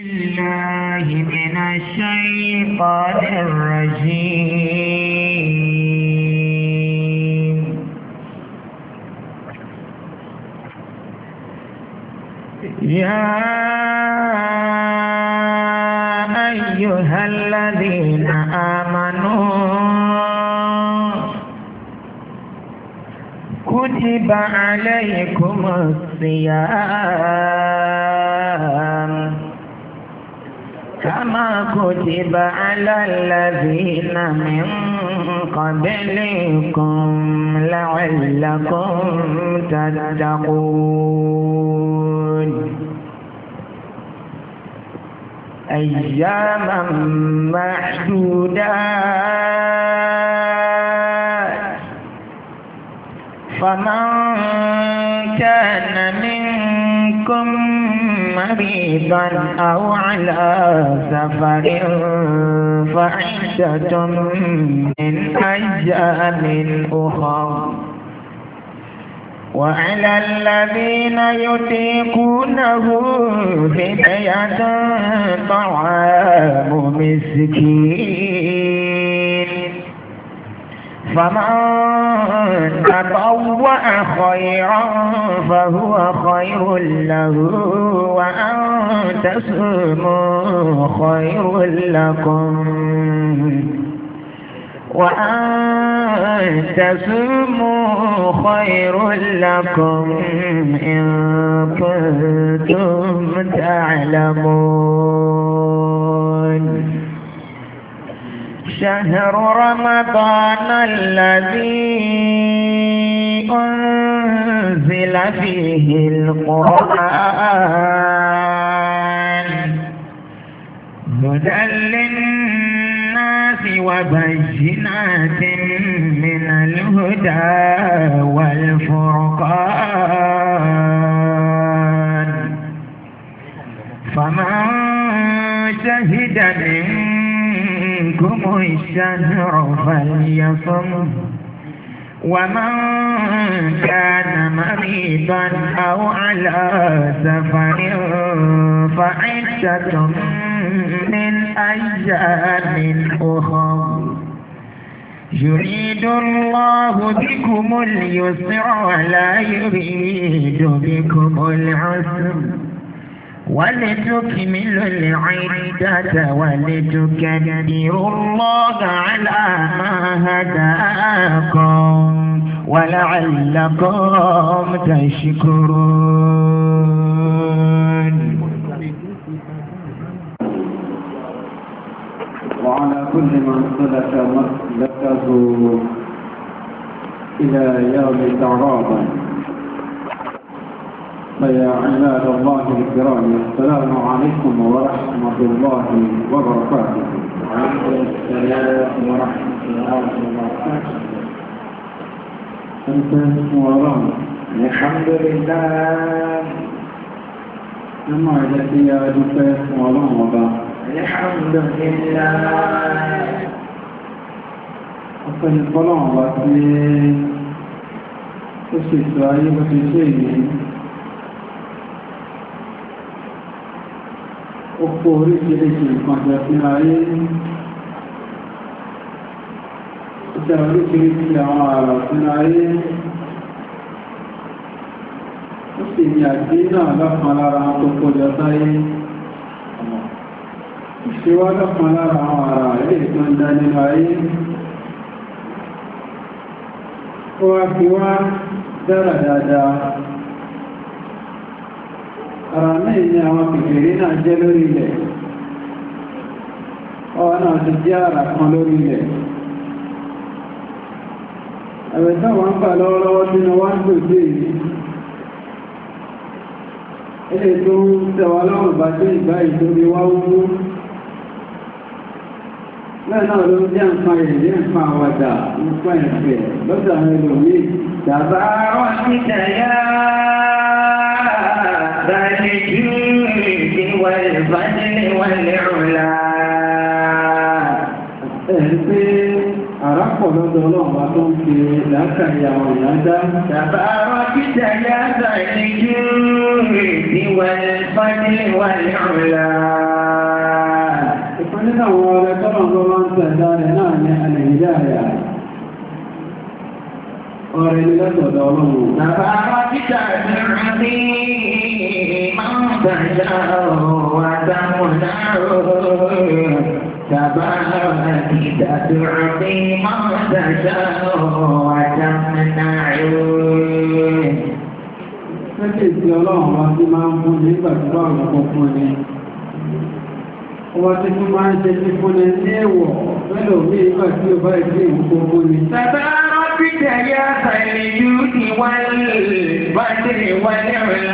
الله من الشيطان الرجيم يا أيها الذين آمنوا كتب عليكم الصيام كما كتب على الذين من قبلكم لعلكم تتقون أياما محدودا فمن كان منكم مريضا أو على سفر فعدة من أجال أخر وعلى الذين يطيقونه فدية طعام مسكين فمن تطوع خيرا فهو خير له وأن تسلموا خير لكم وأن تسلموا خير لكم إن كنتم تعلمون شهر رمضان الذي أنزل فيه القرآن هدى للناس وبينات من الهدى والفرقان فمن شهد منه منكم الشهر فليصم ومن كان مريضا أو على سفر فعشة من أيام أخر يريد الله بكم اليسر ولا يريد بكم العسر ولتكملوا العدة ولتكبروا الله على ما هداكم ولعلكم تشكرون وعلى كل من سلك مسلكه إلى يوم تعرابا يا عباد الله الكرام السلام عليكم ورحمة الله وبركاته وعليكم السلام ورحمة الله وبركاته أنت ورام الحمد لله أما التي يا دفاق ورام الحمد لله أقل الصلاة وأتي في إسرائيل وتشكي ó kó oríṣiríṣi nǹkan jọ sí ayé ó jẹ́ oríṣiríṣi àwọn àrà sí ayé ó sì ní àti náà lọ́kàn lára àwọn tó kó jọ sáyé ìṣẹ́wá lọ́kàn àwọn àrà ilé tó ọ̀rọ̀ náà ni àwọn kìkìrí náà jẹ́ lórí ilẹ̀ ọwọ́ náà ti jẹ́ àrà kan lórí ilẹ̀ ẹ̀rẹ̀ náà wọ́n ń bà lọ́wọ́lọ́wọ́ nínú wá ń gbòdó èyí ilé tó ń tẹwà lọ́rùn bá tó ìgbà ìtorí wá wúwú lẹ́ẹ̀ náà ló ń jẹ́ nǹkan ìrìnlẹ́ nǹkan àwàdà nǹkan ìfẹ́ lọ́dọ̀ àwọn ẹlòmíì dàbá àwọn ìtẹ̀yà ذا الجود والفضل والعلا Àrápọ̀ lọ́dọ̀ ọlọ́run wa tó ń fi láàkàrí àwọn ìyájá. Tàbárọ̀ títà yáta ní júrì ní wàlẹ̀fájì Ìpínlẹ̀ àwọn ọ̀rẹ́ tọ́lọ̀ lọ́wọ́ ń tẹ̀dá rẹ̀ náà ní àlẹ̀ ìdá rẹ̀ ọ̀rẹ́ ní lọ́sọ̀dọ̀ ọlọ́run. Bàbá Bákítà ní Rádé máa ń bàjá ọ̀rọ̀ àdámọ̀ náà. Bàbá Bákítà ní Rádé máa ń bàjá ọ̀rọ̀ àdámọ̀ náà. Sẹ́kẹ̀ tí ọlọ́run wá sí máa ń fún nígbà tí bá ọ̀rọ̀ kan fún ẹni. Ọba tí fún máa ń ṣe fífún ẹni ní ẹ̀wọ̀ mẹ́lòmí ìgbà tí ó bá ìdí ìwúkọ́ fún ni. Bàbá ربك يا فالجود والبدر والإعلام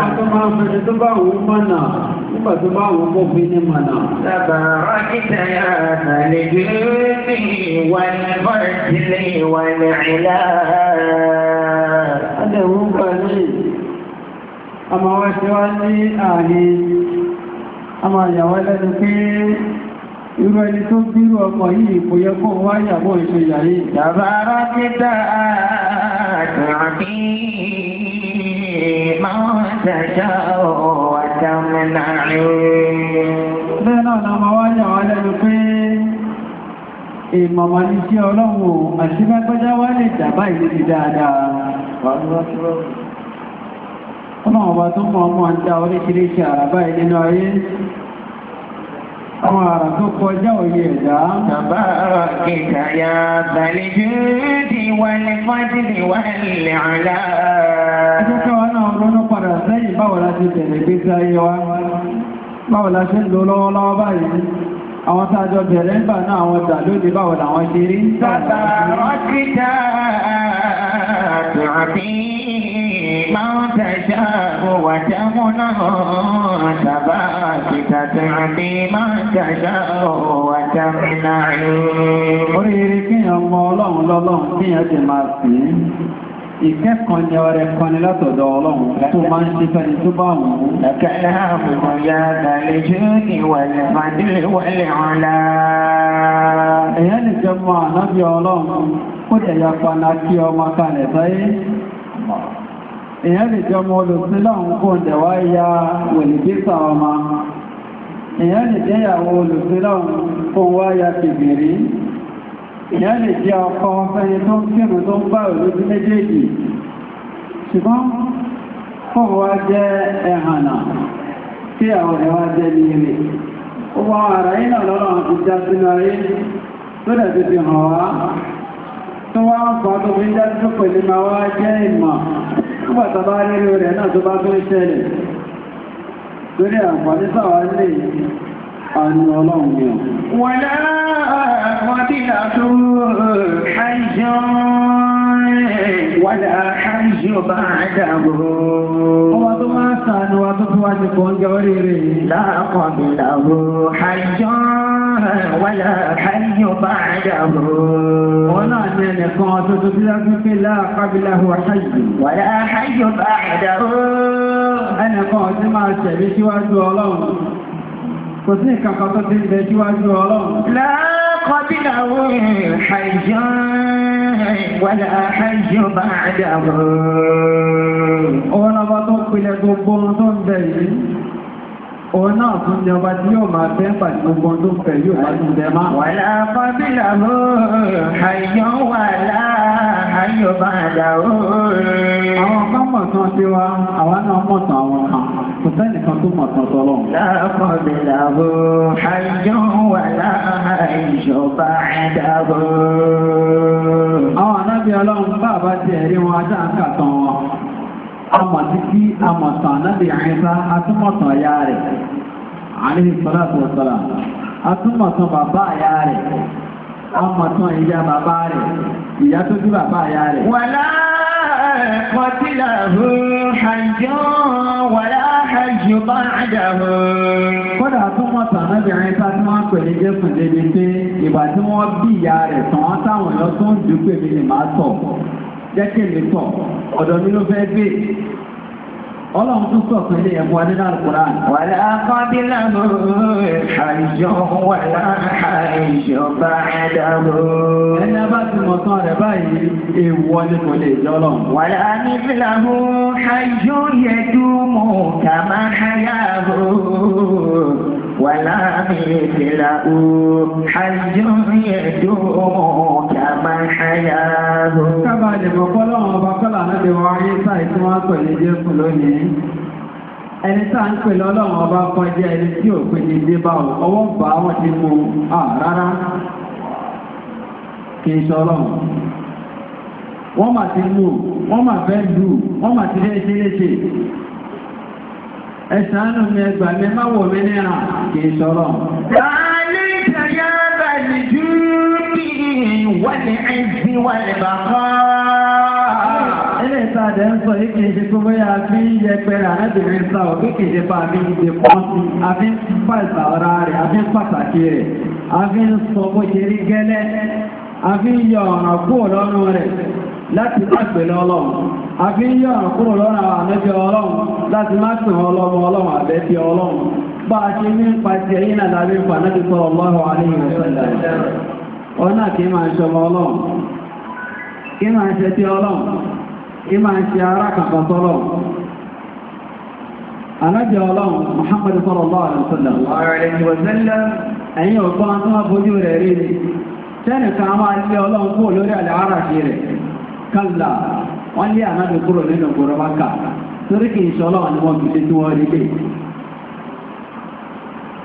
وكما فتتبعه منا nígbà tó bá wọn bọ́ fi ní mọ̀nà. Tàbàrà kíta ya àlejò ní ìwà ní bọ́ọ̀dìlẹ̀ ìwà ní ìlà. Adẹ̀wọ̀n gbà ní àmàwẹ́ tí wá ní ààrin, àmàyàwẹ́ lẹ́nu pé irú ẹni tó bírú ọmọ yìí kò yẹ kó wá ìyàwó ìṣòyàrí ìjàbára títà àtàrí máa tẹ̀ṣà na máa wáyà wá lẹ́nu pé ìmọ̀mọ̀ ní kí ọlọ́run àti mẹ́gbẹ́já wá lè àwọn àrà tó kọjá òye ẹ̀dá. Tàbára kìkà ya bàlẹ̀ jùúdì wà ní fọ́jìdì wà nílẹ̀ ọ̀la. Ẹjọ́ kẹwàá náà ronú padà sẹ́yìn báwo la bẹ̀rẹ̀ gbé sí ayé wa. Báwo ń lo lọ́wọ́lọ́wọ́ báyìí? Àwọn tájọ bẹ̀rẹ̀ ń bà náà àwọn ọjà lónìí báwo làwọn ṣe rí. Tàbára kìkà àtàbí máa ń tẹ̀sà ó wà jáwọ́ náà tàbá àtìkàtà àmì máa ń tẹ̀sà ó wà jáwọ́ náà. Oríire kí ọmọ ọlọ́run lọ́lọ́run kí ẹ ti máa sí ìkẹ́kọ̀ọ́ ni ọrẹ kan ni látọ̀dọ̀ ọlọ́run tó máa ń ṣe fẹ́ni tó bá wù ú. àbùkù ya gàlẹ́ jù ní wẹ̀lẹ̀ fàdílé wẹ̀lẹ̀ ọ̀la. Ẹ̀yẹ́ lè jẹ́ mọ ànábì ọlọ́run kó dẹ̀ yapa náà kí ọmọ kalẹ̀ sáyé èyàn lè jẹ ọmọ olùsìn náà ń kó ǹdẹ̀wà ya wèlìkísà ọmọ èyàn lè jẹ ìyàwó olùsìn náà kó wá ya kèbèrè èyàn lè jẹ ọkọ fẹ́ni tó ń kírù tó ń bá olójú méjèèjì ṣùgbọ́n fún wa jẹ́ ẹ̀hànà tí àwọn ẹ̀wà jẹ́ ní ilé ó wá ara iná lọ́rọ̀ àti já sínú ayé tó dẹ̀ ti fi hàn wá tó wá ń fọ́ tó fi dájú pẹ̀lú máa wá jẹ́ ìmọ̀ nígbà tàbá rírò rẹ̀ náà tó bá fẹ́ ṣẹlẹ̀ lórí àǹfàní sáwà lè àánú ọlọ́run ni ọ̀. wọ́n Ọwọ́ tó máa sàánú wa tó tó wá ti fọ́ ń gẹ orí rẹ̀ láàpọ̀ bí láàrùn àjọ́ wàlá ayé bá àdáwò. Wọ́n náà ní ẹnìkan tuntun tí lọ́gbọ́n fi láàpábílá wà ṣáyé. Wàlá ayé bá àdáwò. Ẹnìkan tí máa tẹ̀lé síwájú ọlọ́run. Kò sí nǹkan kan tó ti ń bẹ síwájú ọlọ́run. Láàpábíláwò ṣàìjọ́ wàlá ayé bá àdáwò. Òun ọba tó pilẹ̀ gbogbo ohun tó ń bẹ yìí òun náà tún jẹ ọba tí yóò máa fẹ́ pàdé gbogbo tó fẹ́ yóò bá tún jẹ máa. wà láàbọ̀ bí làwọ̀ àyọ̀ wà láàyò bá dà ó. àwọn kan mọ̀ tán sí wa àwa náà mọ̀ tán àwọn kan kò sẹ́nìkan tó mọ̀ tán tọ́lọ̀. láàbọ̀ bí làwọ̀ àyọ̀ wà láàyò bá dà ó. àwọn anábìyàn ọlọ́run bá àbá tiẹ̀ rí wọn ajá ń kà tán wọn amatiti amatan anabi ẹnsa atumatan aya rẹ̀ alehi salatu wa salam atumatan baba aya rẹ̀ amatan ìyá baba rẹ̀ ìyá tó bí baba aya rẹ̀. wàlá kọtílà hù hajjọ́ wàlá hajjọ́ bá àjà hù. kódà atumatan anabi ẹnsa tí wọ́n tí wọ́n bí ìyá rẹ̀ tán táwọn yọ tó ń dúpẹ́ mi jẹ́kí mi tọ̀ ọ̀dọ̀ mi ló fẹ́ gbé ọlọ́run tún sọ pé ilé ẹ̀bùn adé náà kúrò àná. wà á kọ́ bí lánàá àìjọ wà láàájọ bá dàrú. ẹni a bá ti mọ̀ tán rẹ̀ báyìí èèwọ̀ ni kò lè jọ lọ. wà á ní àìjọ yẹ dùn kàmá háyà rò. ولا مثله حج يدوم كما حياه كما لبقى الله بقى نبي وعيسى اسمه كل جسم لوني ẹni tá ń pè lọ́lọ́run ọba kọjá ẹni tí ò pè ní dé bá ọwọ́ bá wọn ti mú à rárá kì í sọ́lọ́run wọ́n mà ti mú wọ́n mà fẹ́ lù wọ́n mà ti fẹ́ ṣe léṣe ẹ̀sánú mi ẹgbà mi má wò mí níra kì í sọ̀rọ̀. Bàálí ìtàyà bàálí jù bí ìwádìí ẹ̀sìn wà lè bà kọ́. Ilé ìtajà ń sọ yìí kì í ṣe pé bóyá bí yẹpẹrẹ àrẹ́bìnrin sá ò bí kì rẹ̀ àbí ń ń sọ bó ṣe rí gẹ́lẹ́ àbí ń yọ ọ̀nà kúrò lọ́rùn rẹ̀ láti má pẹ̀lú ọlọ́run a fi ń yọ̀ kúrò lọ́rọ̀ ànájẹ́ ọlọ́run láti má pẹ̀ ọlọ́mọ ọlọ́run àbẹ́bí ọlọ́run bá a ṣe ní pàṣẹ yìí náà lábẹ́ ń fànájú sọ ọlọ́run àlẹ́yìn ìwọ̀sẹ̀lẹ̀ ọ̀nà kí máa ń ṣọmọ ọlọ́run kí máa ń ṣe tí ọlọ́run kí máa ń ṣe tó máa fojú rẹ̀ rí ni tẹ́nìkan máa lé ọlọ́run kúrò lórí àlẹ́ ara ṣe rẹ̀ kálá wọ́n lé ànábì kúrò nínú kúrò wákà torí kì í ṣọlọ́ ni wọ́n fi ṣe tí wọ́n rí lè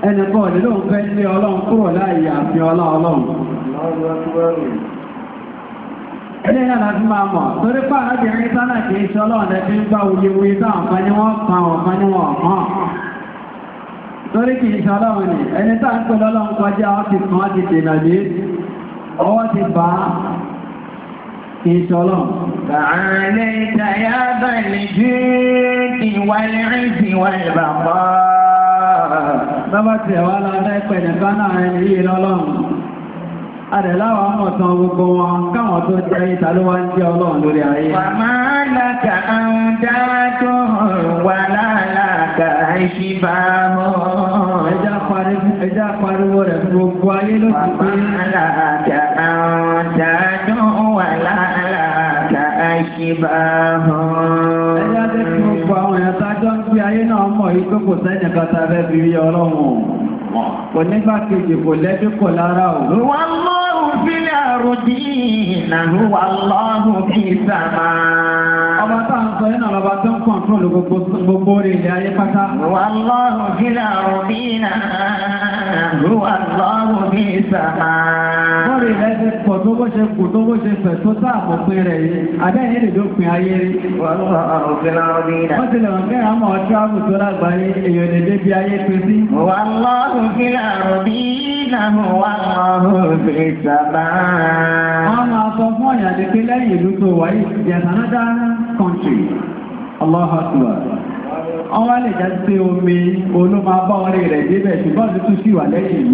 ẹnìkan ò nílò fẹ́ lé ọlọ́run kúrò láàyè àfi ọlá ọlọ́run ilé náà láti máa mọ̀ torí pà lábìnrin sánà kì í ṣọlọ́ ọ̀dẹ́ fi ń gbá wuyewuye táwọn kan ní wọ́n kan ọ̀kan ní wọ́n kan torí kì í ṣọlọ́run ni ẹni tá ń pè lọ́lọ́run kọjá wọ́n ti kàn á ti dènà dé ọwọ́ ti bàá ìtọ́lọ̀. Tààlẹ́ ìtàyà bẹ̀lẹ̀ jíìtì wàlẹ̀rìntì wàlẹ̀bàpá. Bábá ti ẹ̀wà lọ́dẹ́ pẹ̀lẹ̀ bánà ẹni yìí lọ́lọ́run. Adẹ̀láwà ọmọ rẹ̀ gbogbo ayé ló ti pé. Màmá lákà ń ìbáhùn. Ẹjá nígbà kejì kò lẹ́bí kò lára ò. Wọ́n mọ́ òfin àròdì ìnáwó wà lọ́rùn kí sàmà. Ọba tá ń sọ iná lọba tó ń kọ̀ǹtrọ̀lù gbogbo orí ilẹ̀ ayé pátá. Wà lọ́rùn kí làrùn bí náà. Wà lọ́rùn kí sàmà. Báyìí rẹ̀ ṣe pọ̀ tó bó ṣe kò tó bó ṣe fẹ̀ tó sáàpọ̀ pé rẹ̀ yìí, àbẹ́yìn lè dópin ayé rí. Wọ́n ti lè wọ́n kẹ́rà mọ́ ọjọ́ àbùtó lágbàáyé èèyàn lè débi ayé pé sí. Wọ́n lọ́rùn fún Akbar ọwọ́ lè jẹ́ pé omi olóma bá ọrẹ rẹ̀ débẹ̀ ṣùgbọ́n ti tún sí wà lẹ́yìn ìlú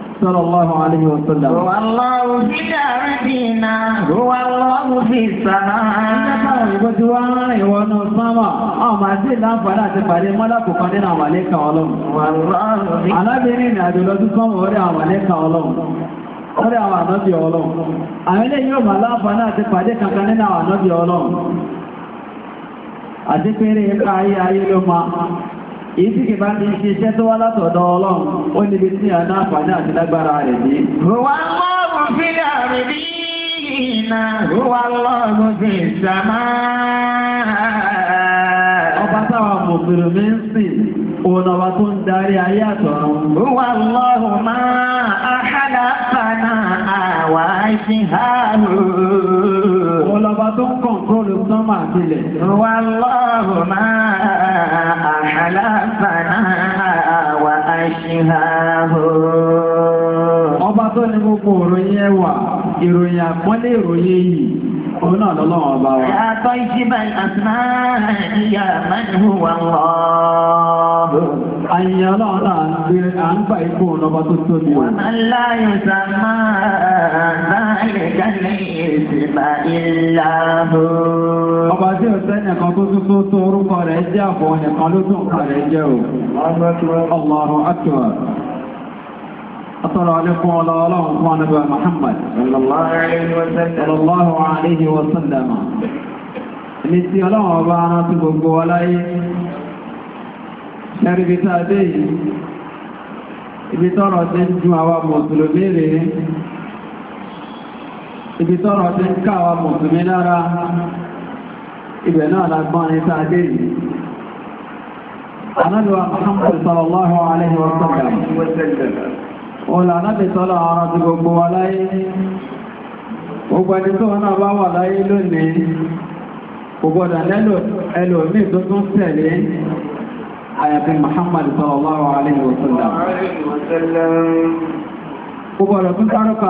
صلى الله عليه وسلم هو الله في دارتنا هو الله في السماء Àwọn àti ìlànfàdà àti pàdé mọ́lápù kan nínú àwọn àlékà ọlọ́run. Alábìnrin ìrìn àjò lọ́dún sọ́mọ̀ orí àwọn àlékà ọlọ́run. Orí àwọn ànọ́bí ọlọ́run. Àwọn ilé yóò máa láǹfàdà àti pàdé kankan nínú àwọn ànọ́bí ọlọ́run. Àti pé ìsì kìí bá ti ṣe iṣẹ́ tó wá látọ̀dọ̀ ọlọ́run ó níbi tí a náà fàájá àti lágbára rẹ̀ ní. Rọwà lọ́rùn fi àrẹ̀ bí iná, rọwà lọ́rùn fi ìsàmá. Ọba táwa mùsùlùmí ń sìn, òun tó ń darí ayé àtọ̀run. Rọwà lọ́rùn máa àhálà fàánà àwà ìṣìhàrò kọ́lù sọ́mà àbílẹ̀. wà lọ́rùn máa àhàlàfàná wà á ṣe ọba tó ní gbogbo òròyìn ẹwà ìròyìn àpọ́nlé ìròyìn yìí òun náà lọ́lọ́wọ́ bá wa. Àtọ́ ìṣíbà àtúná ìyá mẹ́nu wà lọ. Àyìn ọlọ́run náà ń gbé à ń gbà ikú ọlọ́ba tó tóbi. Wọ́n máa ń láyọ̀ sá máa báyẹ̀ dálé ìṣèbà ìlà bò. Ọba tí ò sẹ́yìn kan tó tún tó tó orúkọ rẹ̀ jẹ́ àfọ̀ nìkan ló tún kọ̀ rẹ̀ jẹ́ o. Ọlọ́run àtúwà. أطلع عليكم ولا لهم ونبى محمد صلى الله عليه وسلم صلى الله عليه وسلم nítí ọlọ́wọ̀n ọba ara tí gbogbo aláyé ṣẹ́rìbítà dé yìí ibi tọ́rọ̀ tí ń dùn àwa mùsùlùmí rèé ibi tọ́rọ̀ tí ń ká àwa mùsùlùmí lára ibẹ̀ náà lágbọ́n ní tàdé yìí anábíwa Muhammad sallallahu alaihi wasallam ọ̀lànà ti tọ́lá ara ti gbogbo wa láyé gbogbo ẹni tó náà bá wà láyé lónìí kò gbọ́dọ̀ lẹ́lò ẹlòmí tó tún tẹ̀lé àyàfi Muhammad sallallahu alaihi wasallam gbogbo ọ̀rọ̀ tún tárùkà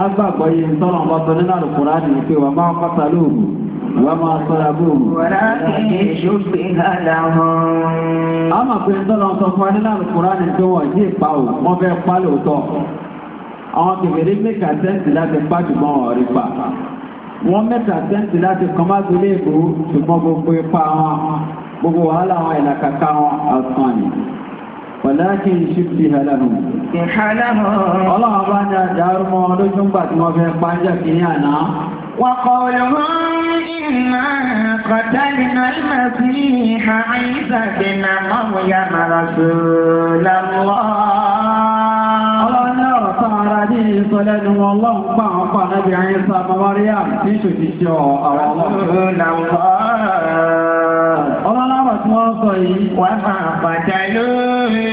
agbàgbọ́ yìí sọ́nà ọba sọ nínú àlùkùrá ní pé wà máa pátá lóògùn wà máa sọ́ra bóògùn. wọ́n á kí ìṣògbé hàdà hàn. a mọ̀ pé sọ́nà sọ fún nínú àlùkùrá ní pé wọ́n yí ipa ò wọ́n fẹ́ pa lóòótọ́. àwọn kèfèrè mẹ́ta sẹ́ǹtì láti pa jùmọ̀ ọ̀rí pa. wọ́n mẹ́ta sẹ́ǹtì láti kọ́má gbélé ìbò ولكن شبه لهم الله أبانا دار مولوكم بات موفي قانجا كنيانا وقولهم إنا قتلنا المسيح عيسى بن مريم رسول الله الله نار صار لي صلاة والله بعض نبي عيسى بن مريم في شو رسول الله ọlọ́láwà tí wọ́n sọ yìí wàhà àbàjá lórí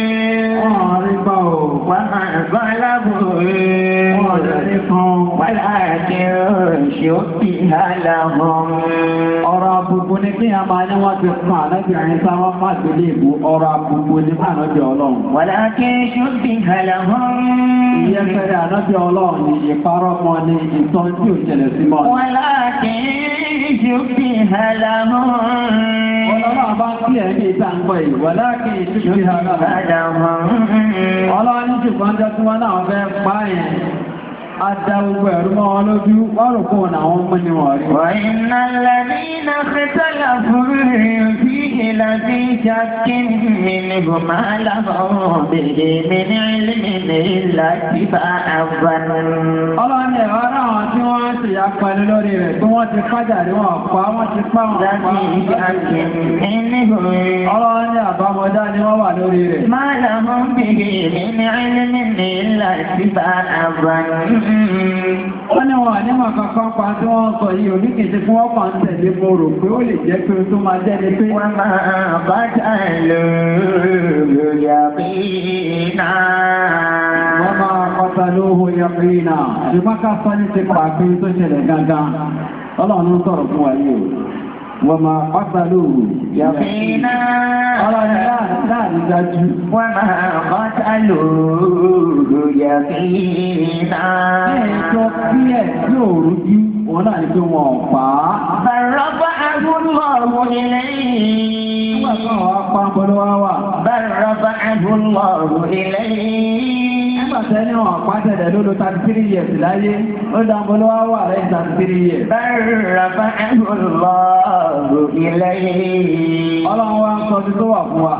ọ̀rin bọ̀ wàhà àbálábò ọ̀rin kan wàhà àjẹ́ òṣìṣẹ́ òbí aláhùn ọ̀rọ̀ àbùkù ní kí a máa ní wọ́n ti fún àlẹ́bìnrin sáwọn máàkì lè mú ọ̀rọ̀ àbùkù ní ànájẹ́ ọlọ́run ọlọ́run ni ìparọ́ mọ́ ni ìtọ́ tí ò Ọlọ́run bá sí ẹ̀mí ìtàǹgbọ̀ ìwọ̀ láàkì ìtújú ìhàlọ́. Ọlọ́run jù kan jẹ́ tí wọ́n náà fẹ́ pààyàn. Adá gbogbo ẹ̀rú mọ́ wọn lójú, wọ́n rò kún àwọn ọmọ ni wọ̀n rí. Wà iná lẹ́ní iná fẹ́tọ́lá fún rẹ̀ sí ìlàdí ìṣàkí mi ní bùmá lábọ̀rọ̀ bèèrè mi ní ilé mi ní ìlà tí bá àbánú. Ọlọ́ni ẹ̀rọ náà tí wọ́n ti yá pẹ̀lú lórí rẹ̀ tí Wọ́n ní wọn ní màkà pápá tí wọ́n sọ yìí oníkèjì fún ọkọ̀ ń tẹ̀lé mo rò pé ó lè jẹ́ pé tó máa jẹ́ ni pé. Wọ́n máa bá jà lóòrò yàmínà. Wọ́n máa kọta lóòrò yàmínà. Ṣùgbọ́n ká sọ ní ti pàápín tó ṣẹlẹ̀ gangan. Ọlọ́run sọ̀rọ̀ fún wa yìí o wọ́n máa pàtàlò yàmínà ọlọ́dáàdájú wọ́n máa pàtàlò yàmínà ẹ̀ẹ́sọ tí ẹ̀ tí ò rújú wọ́n náà ní pé wọ́n pa á bàrọ́bà àbúrò ilẹ̀ yìí bàrọ́bà àbúrò ilẹ̀ yìí nígbàtẹ́ ní wọn pàtẹ̀dẹ̀ lólo 33 years láyé ó dámbolo wá wà rẹ̀ 33 years. bẹ́ẹ̀rẹ̀ fẹ́ ẹ̀rọ̀lọ́rọ̀ ilẹ̀ yìí. ọlọ́run wá ń sọ ti tó wà fún wa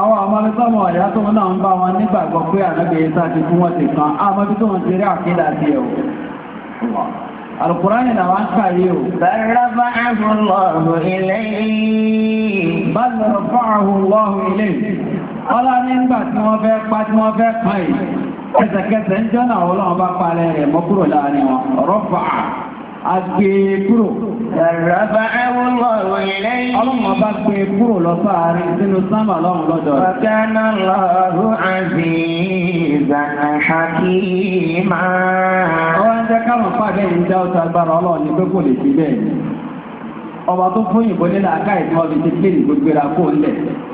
àwọn àmọ́lẹ́sọ́mọ̀ ọ̀yá tó náà ń bá wọn nígbàgbọ́ pé ànábẹ̀ẹ́ sáà ti fún wọn ti kan àmọ́bí tó wọn ti rí àkídà sí o. Bàrẹ́fà ẹ̀fọ́ lọ́rùn ilé. Bàrẹ́fà ẹ̀fọ́ lọ́rùn ilé ọlá ní ìgbà tí wọ́n fẹ́ pa tí wọ́n fẹ́ pa yìí ẹsẹ̀kẹsẹ̀ ń jọ́nà ọlọ́run bá palẹ̀ rẹ̀ mọ́ kúrò láàrin wọn rọ́fà agbè e kúrò rọ́fà ẹwọ́n lọ́rọ̀ ilẹ̀ yìí ọlọ́run bá gbé e kúrò lọ sáàrin sínú sánmà lọ́run lọ́jọ́ rẹ̀ bàtánà lọ́rọ̀ àbí ìzànà hakima ọwọ́n jẹ́ káwọn pàdé ìjà ọ̀tọ̀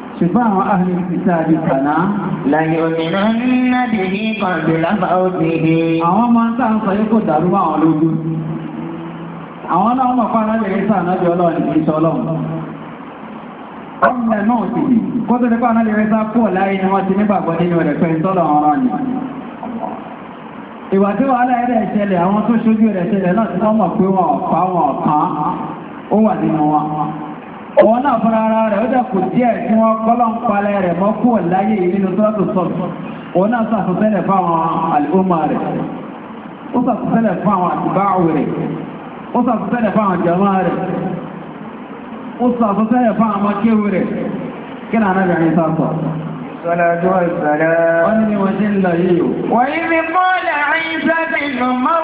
ṣùgbọ́n àwọn ahìlú ìta àbí kàná. Láyé òmìnà náà dè ní kọ̀ọ̀dù lábà ó ti dé. Àwọn máa ń tàn sọ yíkò dàrú àwọn lójú. Àwọn náà mọ̀ pàdé lè rí sàánà bí ọlọ́run ìṣọ́ ọlọ́run. Ọmọ náà ti dì, kó tó nípa náà lè rí pọ̀ láyé ni wọ́n ti nígbàgbọ́ nínú rẹ̀ pẹ̀lú tọ́lọ̀ ọ̀rọ̀ ni. Ìwà tí wàhálà ẹ̀rẹ̀ ìṣẹ̀lẹ̀ àwọn tó ṣojú rẹ̀ ṣẹlẹ̀ náà ti wọ́n mọ̀ pé wọn ọ̀pá wọn ọ̀kan ó wà nínú wọn òun náà fúnra ara rẹ̀ ó dẹ̀kù díẹ̀ tí wọ́n kọ́lọ̀ ń palẹ̀ rẹ̀ mọ́ kú láyé nínú tọ́lọ́tù sọ́ọ̀tù òun náà sàtúnṣẹ́lẹ̀ fáwọn àlùmọ́ rẹ̀ ó sàtúnṣẹ́lẹ̀ fáwọn àtìbáwò rẹ̀ ó sàtúnṣẹ́lẹ̀ fáwọn jàmáà rẹ̀ ó sàtúnṣẹ́lẹ̀ fáwọn ọmọkéwò rẹ̀ kí náà náà bẹ̀rẹ̀ sàtọ̀ Salatu ni wọ́n ti ń lọ yìí o. Wọ́n yí mi kọ́ láàrín sábẹ̀ lọ, máa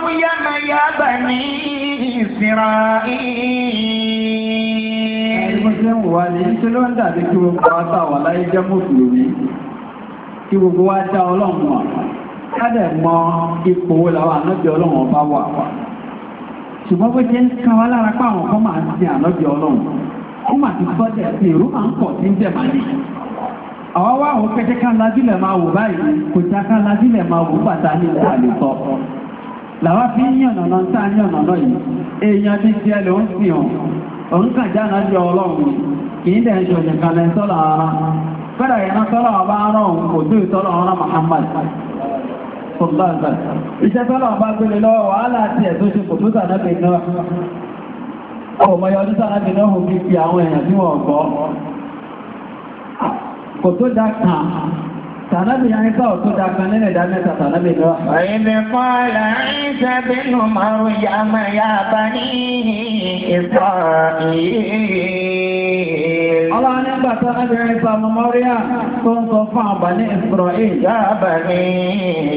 muslim wà ní ṣe ló ń dàbí kí gbogbo wa tà láyé jẹ́ mùsùlùmí kí gbogbo wa dá ọlọ́run wà kádẹ̀ mọ ipò wo làwọn ọlọ́run ọba wà wà ṣùgbọ́n bó ṣe ń kan wá lára pé àwọn kan fi ń yànnà náà ń tà ní ọ̀nà náà yìí èèyàn ti jẹ́ ló ń sìn ọ́n òǹkà jáná jọ ọlọ́run kìí dẹ̀ jọ jẹ̀kalẹ̀ sọ́lọ̀ ara fẹ́rẹ̀ ìran sọ́lọ̀ ọba rán kò tó ìsọ́lọ̀ Muhammad iṣẹ́ sọ́lọ̀ ọba gbélé lọ́wọ́ wàhálà àti ẹ̀ tó ṣe kò tó sàdẹ́bẹ̀ náà ọmọ yọdún sàdẹ́bẹ̀ náà hù fi àwọn èèyàn tí wọ́n gbọ́ kò tó dá Tànábì yẹn ká ọ̀tún dákan nínú ìdá mẹ́ta tànábì lọ. Ìbí kọ́lá Ìsá bínú Maryam ya bani Isra'il. Ọlọ́run nígbà tànábì Ìsá ọmọ Mọ́ríà tó ń sọ fún àbà ní Isra'il. Ya bani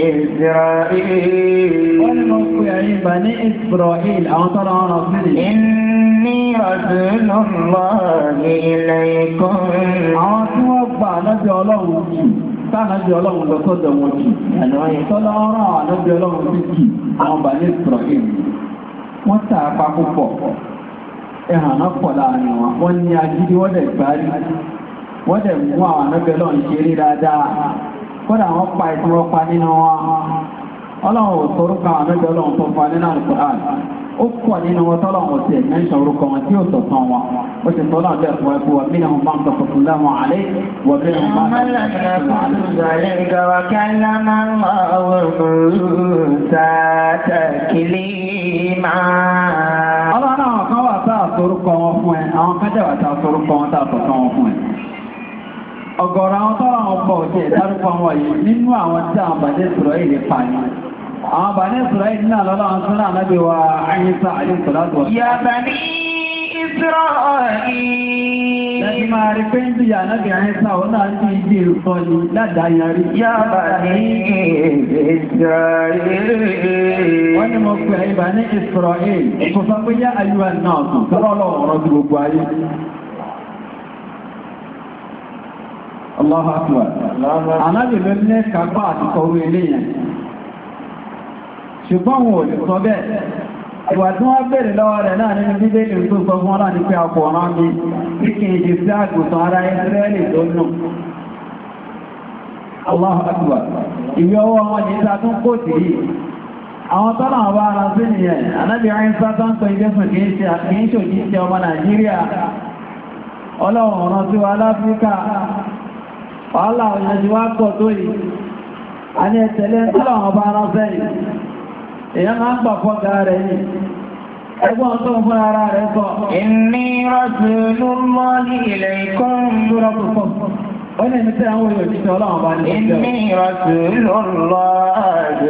Isra'il. Wọ́n ní mo pè ẹ̀yin bà ní Isra'il àwọn tọ́lọ ọ̀rọ̀ sílẹ̀. Inni Rasulullahi ilaykum. Àwọn tí wọ́n gbà lọ́jọ́ ọlọ́run sáànàbí ọlọ́run lọ sọ́dọ̀ wọn jù tọ́lọ́ ọ̀rọ̀ ànábí ọlọ́run sí jù àwọn bà ní ìsọ̀rọ̀kìn wọ́n tààpá púpọ̀ ẹ̀hànà pọ̀ láàrin wọn wọ́n ní agídí wọ́n dẹ̀ gbárí wọ́n dẹ̀ mú àwọn ànábí ọlọ́run ṣe rí dáadáa kódà wọ́n ó pọ̀ nínú wọn tọ́lọ̀ wọn tiẹ̀ ní ìṣòrúkọ wọn tí ó sọ tán wọn ó ti tọ́lọ̀ bẹ́ẹ̀ fún ẹkú wa bínú wọn bá ń tọkọ fún láwọn wọ bínú wọn bá ń tọkọ fún láwọn àlẹ́. وكلم الله موسى تكليما Ọlọ́run àwọn kan wà tá àsorúkọ wọn fún ẹ, àwọn kan jẹ́ wà tá àsorúkọ wọn tá àsọ̀tán wọn fún ẹ. Ọ̀gọ̀rọ̀ àwọn tọ́lọ̀ wọn pọ̀ òjì ẹ̀dárúkọ wọn yìí nínú àwọn tí àwọn bàjẹ́ sọ̀rọ̀ èdè pààyàn àwọn bàní Israel náà lọ́lọ́ àwọn súnà náàbí wa àyíṣà àyíṣàlátọ̀. Ya bàní Israel. Lẹ́bí máa rí pé ń jìyà náàbí àyíṣà ó náà ti ìdí ìrùsọ ni ládàáyarí. Ya bàní Israel. Wọ́n ni mo pè é bàní Israel. Kò sọ pé yá ayúwa náà tún tọ́lọ́lọ́ ọ̀rọ̀ sí Allah akbar. Anábìlẹ́ ní kápá àti kọ̀wé ilé yẹn ṣùgbọ́n wọn ò lè sọ bẹ́ẹ̀ ìwà tí wọ́n bèèrè lọ́wọ́ rẹ̀ náà nínú bíbé ìlú tó sọ fún ọlọ́ni pé ọkọ̀ ọ̀rán mi tí kìí jẹ sí àgùntàn ara Ísírẹ́lì tó nù Allahu Akbar ìwé ọwọ́ wọn ní ìta tún kò tí àwọn tọ́nà ọba ara sí nìyẹn anábìrin sátán pé jésù kìí ṣe òjíṣẹ́ ọmọ Nàìjíríà ọlọ́run ọ̀ràn sí wa láfíríkà wàhálà òyìnbó wa kọ̀ tó yìí a ní ẹ̀tẹ̀lẹ́ tọ́nà ọba ara sẹ́yìn èyàn máa ń gbà fọ́gá rẹ̀ ní ẹgbọ́n tó ń fún ara rẹ̀ sọ. Inni rasulullah ilaykum إني رسول الله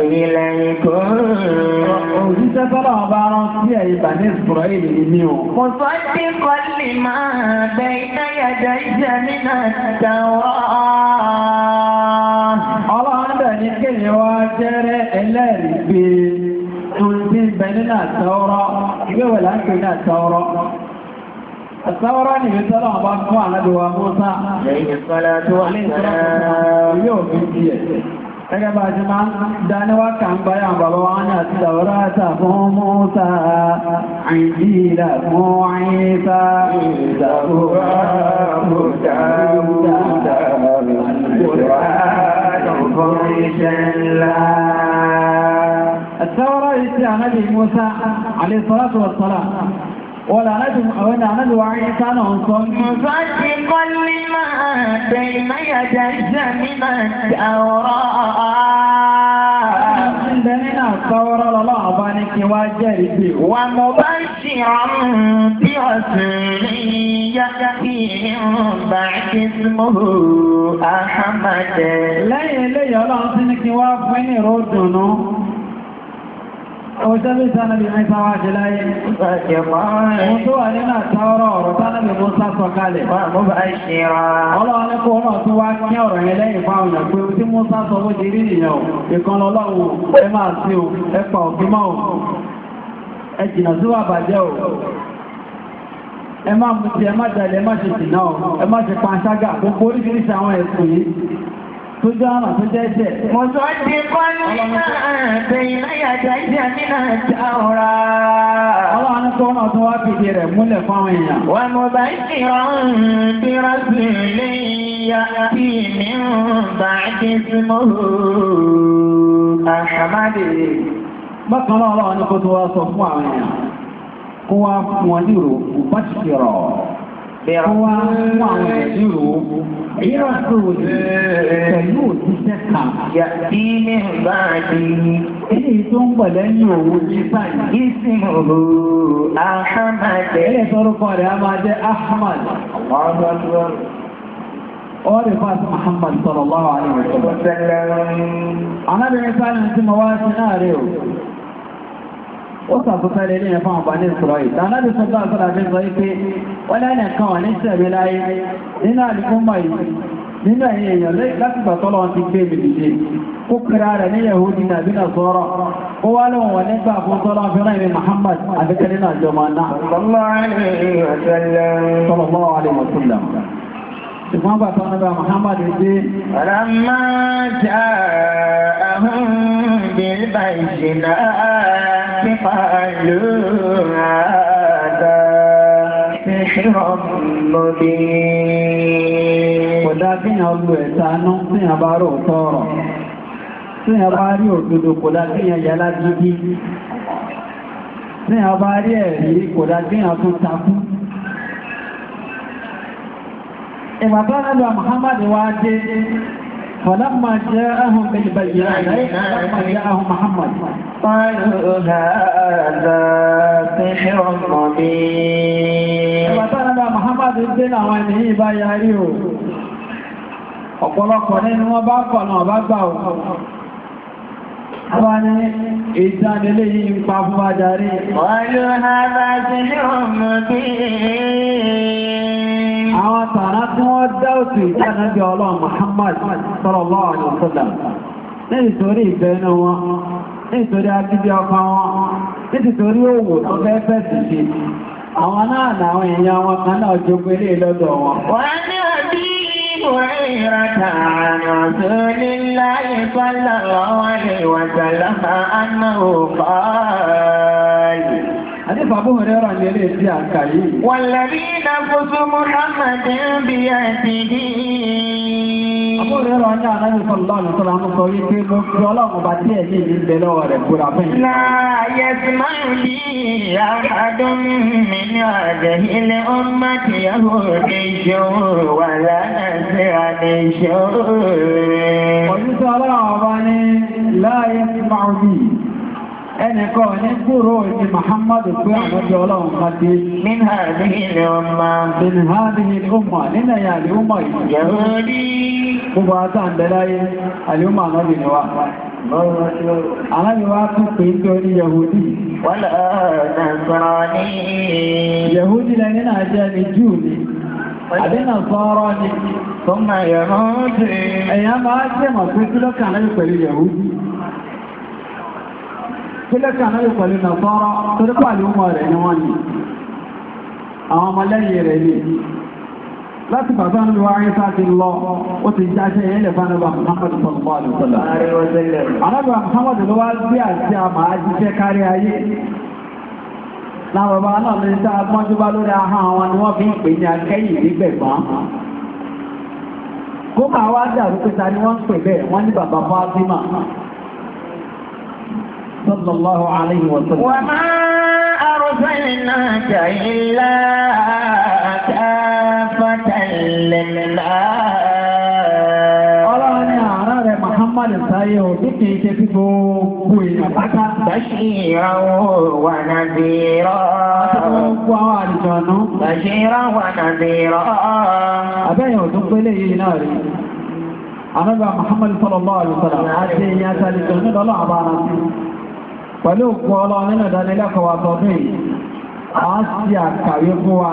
إليكم Òjíṣẹ́ tọ́lá ọba rán sí ẹ̀yìnbà ní Ìsìnkúrọ̀ìlì ní o. Kò sọ tí kọ́ lè máa bẹ iná yàjá ìjẹ́ nínú àtàwọ̀. Ọlọ́run bẹ̀ ní kéèyàn wá jẹ́rẹ́ ẹlẹ́rìí pé tó ń bí bẹ nínú àtàwọ̀rọ̀, ìgbéwẹ̀ láńpẹ̀ nínú àtàwọ̀rọ̀. Àtàwọ́rá ni ìfẹ́ tọ́lọ̀ ọba fún àlẹ́bíwa Mọ́sá. Lẹ́yìn ìsọ́lá tó wà ní ìsọ́lá yóò fi bí ẹ̀. Ẹgbẹ́ bá jẹ máa ń dáníwá kà ń báyà bàbá wa ní àti ìdàwọ́rá àtà fún Mọ́sá, àìdíìdà fún àìyíta, ìdàwọ́rá àmúdà, àmúdà, àmúdà, àmúdà, àmúdà, àmúdà, Wọ́lá aláàdùn àwọn ìdánáàdù wa rí sánà ń sọ ní. Mùsọ́ ti kọ́ ní máa tẹ ìmáyàjá ìjẹ́ nínà àwọ̀rọ̀ Ìjẹ́ nínà sọ́wọ́rọ́ lọ́lọ́ àbá ní kí wá jẹ́ ìgbè. Lẹ́yìn eléyìí ọlọ́run sí ní kí wá fún ní ìró dùnú ọjọ́ bí sánàbí àìsà wá jẹ láyé mo tó wà nínú àtàwọ́rọ̀ ọ̀rọ̀ sánàbí mo sásọ kalẹ̀ ọlọ́wọ́n kó náà tó wá kí ọ̀rọ̀ yẹn lẹ́yìn fáwọn èèyàn pé tí mo sásọ bó ti rí nìyàn ìkan lọ́lọ́wọ́ ẹ máa sí o ẹ pa òfin mọ́ o ẹ jìnà ṣe ṣìnà o ẹ má ṣe panṣágà gbogbo àwọn ẹ̀sùn yìí tó jẹ́ ọ̀nà tó jẹ́ ẹ̀ṣẹ̀. Mo sọ ti kọ́ nígbà àbẹ̀yìn láyàjá ìjà nínú àjà ọ̀rá. Ọlọ́run tó ọ̀nà tó wá fìdí rẹ̀ múlẹ̀ fáwọn èèyàn. Wà mo bá ṣì rán bí rọ́sì lè ya bí mi ń bá dé sí mọ́ àṣàmádé. Bákan náà ọlọ́run ní kó tó wá sọ fún àwọn èèyàn. Kó wá fún wọn ní kò bá ṣì rọ̀. Kó wá fún àwọn èèyàn ní ìrò. Èyí Yàtí ní ìbáàdì èyí tó ń pọ̀ lẹ́yìn òwú nípa ìsìn Ahmad. Ilé sọ́rọ̀kọ rẹ̀ a máa jẹ́ Ahmad. Ọ̀rẹ́ fásí Muhammad sallallahu alaihi wa sallam. Anábìnrin sáàrin tí mo wá sí náà rẹ̀ o. Ó sàfẹ́fẹ́ lè ní ẹ̀fà àǹfààní ìsọ̀rọ̀ yìí. Tànábì sọ́tọ́ àfẹ́ra jẹ́ sọ wípé wọ́n lẹ́nìkan wà ní ìṣẹ̀rí láyé nínú àdìkún mọ̀ nínú ẹ̀yìn èèyàn lẹ́yìn láti bàtọ́lọ́ wọn ti gbé mìlìṣe kó kìrà rẹ̀ ní yahudi náà bí náà sọ́rọ̀ ó wá lọ́wọ́ wọn nígbà fún tọ́lọ́ fẹ́ràn ìrìn Muhammad àbẹ́kẹ́lẹ́ náà jọmọ náà sallallahu alaihi wa sallam ṣùgbọ́n bàtọ́ nígbà Muhammad gbé ramá já ahun bilba ìṣìnà pípa lóòrùn àdá ṣe ṣe rọ̀ mọ́bí dáa kíyàn ọlú ẹ̀tàánú tíyàn bá rò tọ́ọ̀rọ̀ tíyàn bá rí òdodo kò dá kíyàn yálá gidi tíyàn bá ẹ̀rí kò dá kíyàn tún takú ìgbàtọ́ nílò Muhammadu wá dé فلما جاءهم بالبينات فلما جاءهم محمد ọ̀pọ̀lọpọ̀ nínú wọn bá kọ̀ náà bá gbà ò Àwọn ni ìdánilé yìí ń pa fún àjárí. Ọlú náà bá ti ní ọmọdé. Àwọn tààrà tí wọ́n dá òtù ìjánàbí ọlọ́run Muhammad sallallahu alaihi wasallam. Ní ìtorí ìfẹ́ inú wọn, ní ìtorí akíbí ọkọ wọn, ní ìtorí òwò tó fẹ́ fẹ́ sì ṣe. Àwọn náà هريرة عن رسول الله صلى الله عليه وسلم أنه قال حديث أبو هريرة يليس يا كريم والذي نفس محمد بيده Àbúrẹ́ rọ̀ ní àrẹ́rìn sọ̀lọ́nà tó lánú sọ wípé ló fi ọlọ́run bá tí ẹ̀lẹ́ ìlú ìbẹ̀ lọ́wọ́ rẹ̀ kúrà fún ìlú. Láyé ti máa ń bí àádọ́n mi ní àjẹ́ ilé ọmọ tí Min hādhihi l-ummah. Min hādhihi l-ummah nínú ìyàrí gbogbo àtà ń bẹ̀láyé àlúmà náàbì ni wá alábi wá tún pè ń tó ní yahudi eh, yahudi lẹ́ni náà jẹ́ ni júù ni àdínà sọ́rọ́ ni tọ́mà yahudi ẹ̀yà máa jẹ́ mọ̀ pé kílọ́kà náà pẹ̀lú yahudi kílọ́kà náà pẹ̀lú nàṣọ́rọ́ torípàlú mọ̀ rẹ̀ ni wọ́n ni àwọn ọmọlẹ́yìn rẹ̀ ni láti bàbá ní wáyé sáàtì lọ ó ti jáṣẹ́ ilẹ̀ fánàbà Muhammadu sallallahu alaihi wasallam. alábà Muhammadu ló wá bí àti àmà jíṣẹ́ kárí ayé láwọn bá náà lè dá agbọ́njú bá lórí ahá àwọn ni wọ́n fi ń pè ní akẹ́yìn nígbẹ̀gbọ́n kó máa wá dàrú pé ta ni wọ́n ń pè bẹ́ẹ̀ wọ́n ní bàbá Fátímà sallallahu alaihi wasallam. wa ma arsalnaka illa Ọlọ́run ni ààrẹ rẹ̀ Muhammad sáyé ò bí kìí ṣe tí gbogbo èèyàn pátá. Bàṣíràn wà nàbíràn. Gbogbo àwọn àlùjọ̀nú. Bàṣíràn Muhammad sallallahu alaihi wasallam àti èèyàn àtàlùjọ̀nú lọ́lọ́ àbára sí. Pẹ̀lú òkú ọlọ́run nínú ìdánilẹ́kọ̀ọ́ wa a ń ṣe àkàwé fún wa.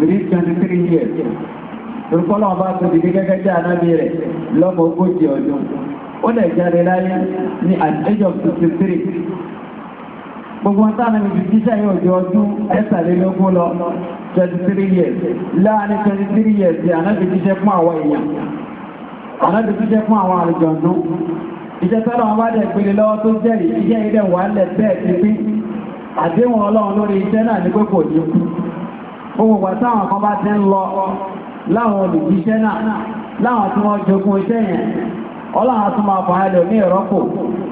within 23 years torúkọ́lọ́ ọba tó dìde gẹ́gẹ́ jẹ́ ànábì rẹ̀ lọ́mọ ogójì ọdún ó lẹ̀ jáde láyé ní at age of 63 gbogbo ọ̀tá náà níbi jíṣẹ́ yóò jẹ ọdún ẹ̀tàlélógún lọ 23 years láàrin 23 years di ànábì jíṣẹ́ fún àwọn èèyàn ànábì jíṣẹ́ fún àwọn àlùjọ̀dún iṣẹ́ tọ́lọ̀ wọn bá dẹ̀ pèlè lọ́wọ́ tó jẹ́rìí iṣẹ́ ilẹ̀ wà lẹ̀ bẹ́ẹ̀ ti pín àdéhùn ọlọ́run lórí iṣẹ́ náà ní pé kò ní kú ohun wà táwọn kan bá ti ń lọ láwọn olùgbíṣẹ́ náà láwọn tí wọ́n jogun iṣẹ́ yẹn ọlọ́run tún máa fà á ní ìrọ́pò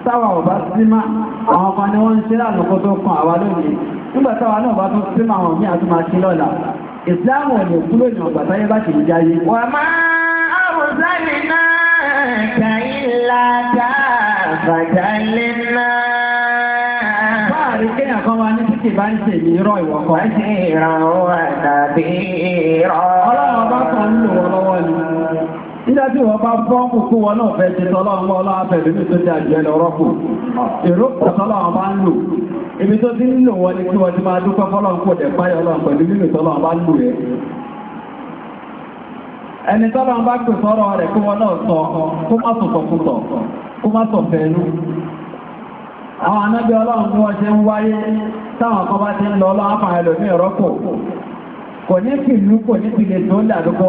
táwà ọ̀bá símá àwọn kan ni wọ́n ń ṣe tó kan àwa lónìí nígbà náà bá tún símá àwọn míì àti máa lọ́la ìsìláàmù ò kan wa ní títì bá ń ṣe ní irọ́ ìwọ̀kọ́. wọ́n ti ràn wọ́n tàbí irọ́. ọlọ́run bá kàn ń lò wọ́n lọ́wọ́ ni. nígbà tí wọ́n bá bọ́ kókó wọn náà fẹ́ ṣe tọ́lọ́run mọ́ ọlọ́run abẹ̀rẹ̀ mi tó dé àjọ ẹ̀ lọ́rọ́ kù. èrò tọ́lọ́run bá ń lò. ibi tó ti ń lò wọ́n ni kí wọ́n ti máa dúpẹ́ fọ́lọ́run kò dẹ̀ àwọn anábí ọlọ́run ní wọ́n ṣe ń wáyé táwọn kan bá ti ń lọ ọlọ́run àpàá ẹlòmí ìrọ́pò kò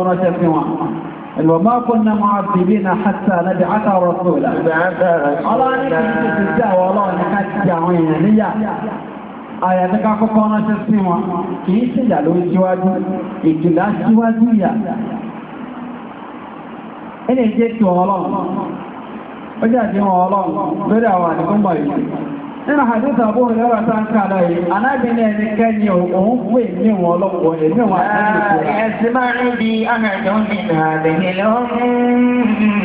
ránṣẹ́ sí wọn وما كنا معذبين حتى نبعث رسولا الله نكتب الدعوة والله نكتب عينيا àyà tí ká kọ́kọ́ ránṣẹ́ sí wọn kì í ṣe síwájú ìyà ẹni jẹ́ tí ọlọ́run ó nínú àdúta bó lẹ́wà tá ń alábìnrin ẹni kẹ́ni òun fún èmi wọn lọ́pọ̀ èmi wọn àtàkùn ẹ̀sìn máa ń bí ahàjọ́ nínú àbẹ̀yẹ̀ lọ́rùn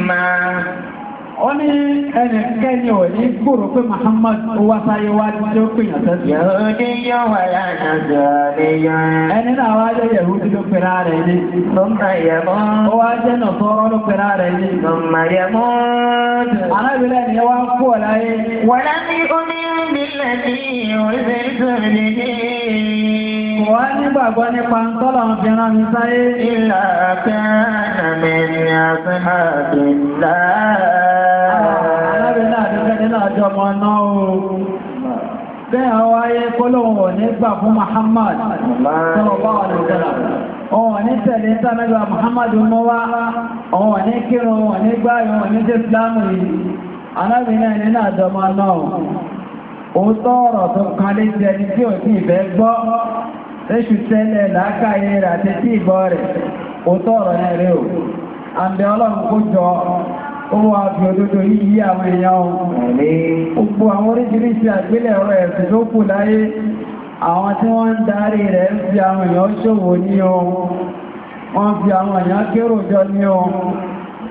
máa ó ní ẹnìkẹ́ni ò ní gbòrò pé Muhammad wá sáyé wá tí ó pèyàn tẹ́sí. Yóò ní yóò wà láàrín àjọ àríyàn. Ẹni náà wá jẹ́ yẹ̀rú tí ló pẹ̀rá rẹ̀ ní. Tọ́mà yẹ̀mọ́. Ó wá jẹ́ ni wá nígbàgbọ́ nípa ń tọ́lọ̀ ń fi rán mi sáyé. Ìlà kẹ́rẹ̀ mi ni a ti máa náà ti fẹ́ náà o. Bẹ́ẹ̀ àwọn ayé kọ́lọ̀wọ̀n nígbà fún Muhammad. Sọ́lọ́bá wà ní ìjọba. Ọ̀wọ̀n ní tẹ̀lé ń tánàgbà ríṣù tẹ́lẹ̀ láàkàyè rẹ̀ àti tí ìgbọ́ rẹ̀ òótọ́ ọ̀rọ̀ náà rẹ̀ o àǹdẹ ọlọ́run kó jọ owó àbí òdodo yìí yí àwọn èèyàn gbogbo àwọn oríṣiríṣi àgbélẹ̀ ọ̀rọ̀ ẹ̀sìn ló kù láyé àwọn tí wọ́n ń darí rẹ̀ ń fi àwọn èèyàn ṣòwò ní ohun wọ́n fi àwọn èèyàn kérò jọ ní ohun